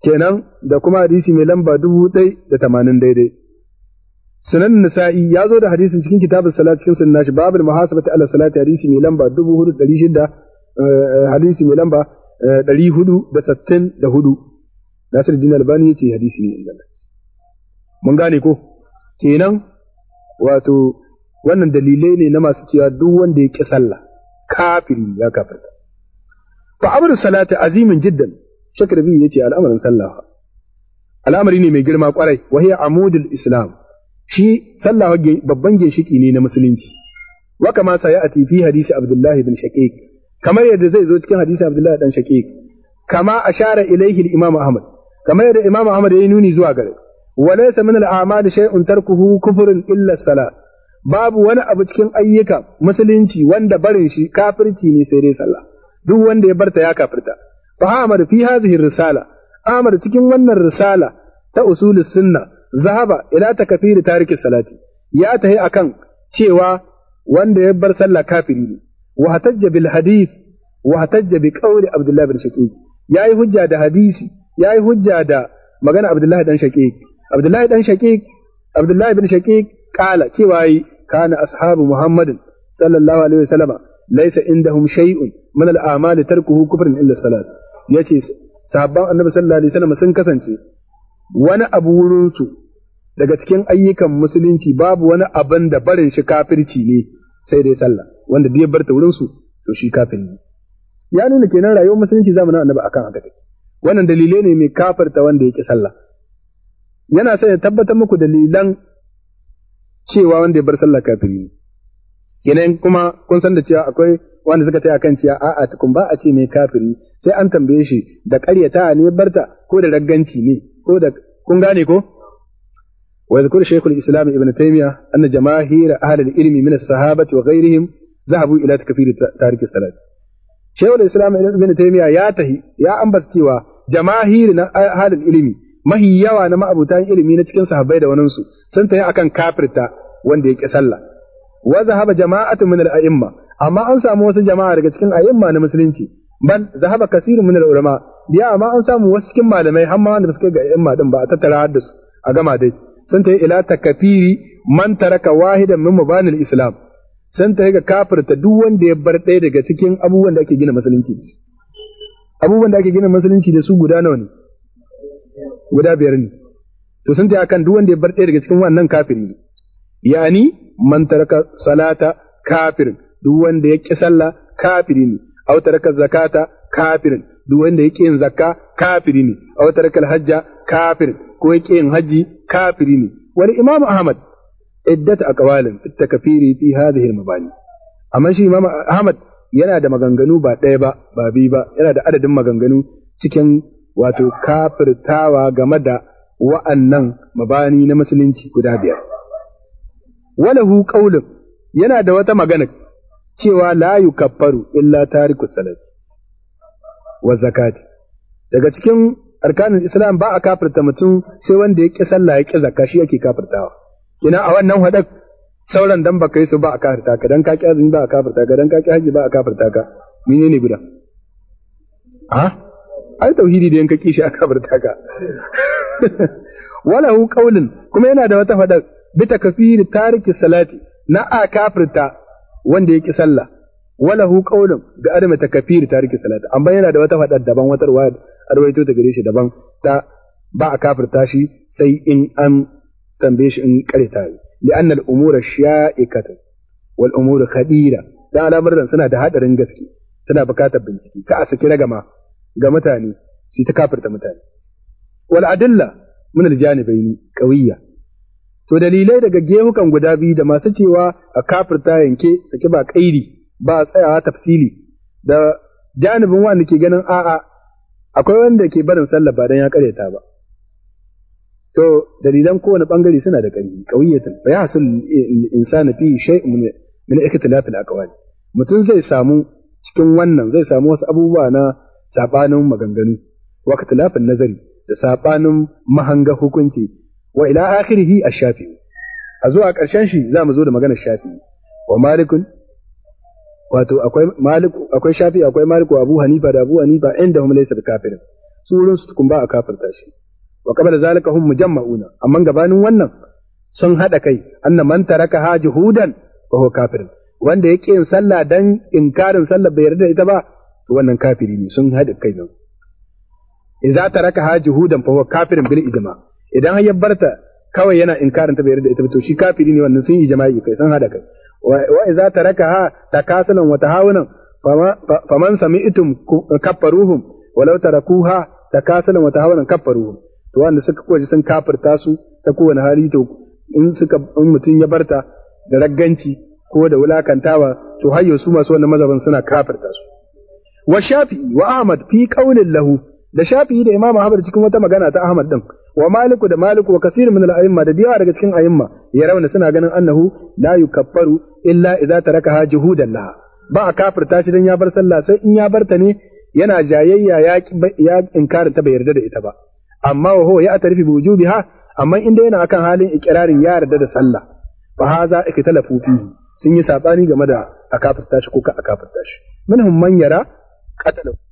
A: kenan da kuma hadisi mai lamba dubu ɗai da tamanin daidai. Sunan Nisa'i ya zo da hadisin cikin kitabun salat cikin sunan nashi babul muhasabati ala salati hadisi mai lamba dubu hudu ɗari shida eh, hadisi mai lamba eh, ɗari hudu da sattin da hudu. Nasir Din Albani ya ce hadisi ne ingantacce. Mun gane ko? Kenan wato wannan dalilai ne na masu cewa duk wanda ya ƙi sallah kafiri ya kafirta. Fa salati azimin jiddan shakar biyu yace al'amarin sallah al'amari ne mai girma kwarai wa hiya amudul islam shi sallah babban ginshiki ne na musulunci wa kama sayati fi hadisi abdullahi bin shaqiq kamar yadda zai zo cikin hadisi abdullahi dan shaqiq kama ashara ilaihi al-imam ahmad kamar yadda imam ahmad ya yi nuni zuwa gare wa laysa min al-a'mal shay'un tarkuhu kufrun illa salat babu wani abu cikin ayyuka musulunci wanda barin shi kafirci ne sai dai sallah duk wanda ya barta ya kafirta fa Ahmad fi hadhihi risala Ahmad cikin wannan risala ta usul sunna zahaba ila ta tariki salati ya tahi kan cewa wanda ya bar sallah kafiri ne wa hatajja bil hadith wa hatajja bi qawli Abdullah bin Shaqiq yayi hujja da hadisi yayi hujja da magana Abdullah dan Shaqiq Abdullah dan Shaqiq Abdullah bin Shaqiq kala cewa yi kana ashabu Muhammadin sallallahu alaihi wasallama laysa indahum shay'un min yace sahabban annabi sallallahu alaihi wasallam sun kasance wani abu wurin su daga cikin ayyukan musulunci babu wani abin da barin shi kafirci ne sai dai sallah wanda da ya barta wurin su to shi kafir ne ya nuna kenan rayuwar musulunci zamanin annabi akan haka take wannan dalilai ne mai kafirta wanda yake sallah yana sai ya tabbatar muku dalilan cewa wanda ya bar sallah kafiri ne kenan kuma kun san da cewa akwai wanda suka taya kan ciya a'a tukun ba a ce ne kafiri sai an tambaye shi da ƙaryata ne barta ko da ragganci ne ko da kun gane ko wa yadhkur shaykhul islam ibn taymiya anna jamaahir ahli al-ilmi min as-sahabati wa ghayrihim zahabu ila takfir tarik as-salat shaykhul islam ibn taymiya ya tahi ya ambata cewa jamaahir na ahli al-ilmi mahi yawa na ma'abutan ilimi na cikin sahabbai da waninsu sun tayi akan kafirta wanda ya ƙi sallah wa zahaba jama'atun min al-a'imma amma an samu wasu jama'a daga cikin a'imma na musulunci ban zahaba kasiru min ulama ya amma an samu wasu cikin malamai har ma wanda suka ga a'imma din ba a tattara su a gama dai sun ta ila takafiri man taraka wahidan min mubanil islam sun ta ga kafirta duk wanda ya bar ɗaya daga cikin abubuwan da ake gina musulunci abubuwan da ake gina musulunci da su guda nawa ne guda biyar ne to sun ta akan duk wanda ya bar ɗaya daga cikin wannan kafiri ne man taraka salata kafirin duk wanda ya ƙi sallah kafiri ne aw taraka zakata kafirin duk wanda ya ƙi yin zakka kafiri ne aw taraka hajja kafirin ko ya ƙi yin haji kafiri ne wal imam ahmad iddata aqwalin takfiri fi hadhihi mabani amma shi imam ahmad yana da maganganu ba ɗaya ba ba biyu ba yana da adadin maganganu cikin wato kafirtawa game da wa'annan mabani na musulunci guda biyar walahu qaulun yana da wata magana cewa la kafaru illa tariku salati wa zakati daga cikin arkanin islam ba a kafirta mutum sai wanda ya ƙi sallah ya ƙi zakka shi yake kafirtawa Ina a wannan hadak sauran dan baka yi su ba a kafirta ka dan ka ƙi azumi ba a kafirta ka dan ka ƙi haji ba a kafirta ka menene guda a ai tauhidi da yanka kishi a kafirta ka walahu qaulin kuma yana da wata haɗa bi takfiri tariki salati na a kafirta wanda ya ki sallah walahu qaulun bi adam takfir tariki salata amma yana da wata fadar daban wata da arwaito ta gare shi daban ta ba a kafirta shi sai in an tambaye shi in ta yi li'anna al-umura sha'ikatu wal umura khadira dan al'amuran suna da hadarin gaske suna bukatar bincike ka a saki ragama ga mutane su ta kafirta mutane wal adilla min al-janibaini qawiyya to dalilai daga gemukan guda biyu da masu cewa a kafirta yanke saki ba kairi ba tsayawa tafsili da janibin wanda ke ganin a'a akwai wanda ke barin sallah ba dan ya karyata ba to dalilan kowane bangare suna da ƙarfi qawiyatan fa yahsul insana fi shay'un min min ikhtilaf al-aqwal mutum zai samu cikin wannan zai samu wasu abubuwa na sabanin maganganu wa nazari da saɓanin mahanga hukunci wa ila akhirih ash-shafi'i a zuwa ƙarshen shi za mu zo da maganar shafi'i wa malikun wato akwai maliku akwai shafi akwai maliku abu hanifa da abu hanifa inda hum laysa kafirin su wurin su kun ba a kafirta shi wa qabla zalika hum mujamma'una amma gabanin wannan sun hada kai anna man taraka hajhudan juhudan fa huwa kafirin wanda yake yin sallah dan inkarin sallah bai yarda ita ba to wannan kafiri ne sun hada kai nan idza taraka hajhudan fa huwa kafirin bil ijma' idan ya barta kawai yana inkarin ta bai yarda ita ba to shi kafiri ne wannan sun yi jama'i kai sun hada kai wa idza tarakaha takasulan wa tahawunan faman sami'tum kaffaruhum walau tarakuha takasulan wa tahawunan kaffaruhum to wanda suka koji sun kafirta su ta kowane hali to in suka in mutum ya barta da ragganci ko da wulakantawa to hayyo su masu wannan mazhaban suna kafirta su wa shafi'i wa ahmad fi qaulin lahu da shafi'i da imamu ahmad cikin wata magana ta ahmad din wa maliku da maliku wa kasir min al-a'imma da diyawa daga cikin a'imma ya rauna suna ganin annahu la yukaffaru illa idza tarakaha juhudan laha ba a kafirta shi dan ya bar sallah sai in ya bar ta ne yana jayayya ya ya inkarin ta bai yarda da ita ba amma wa huwa ya'tarifu bi wujubiha amma inda yana akan halin ikirarin ya yarda da sallah fa haza ikhtalafu fihi sun yi sabani game da a kafirta shi ko ka a kafirta shi minhum man yara qatalahu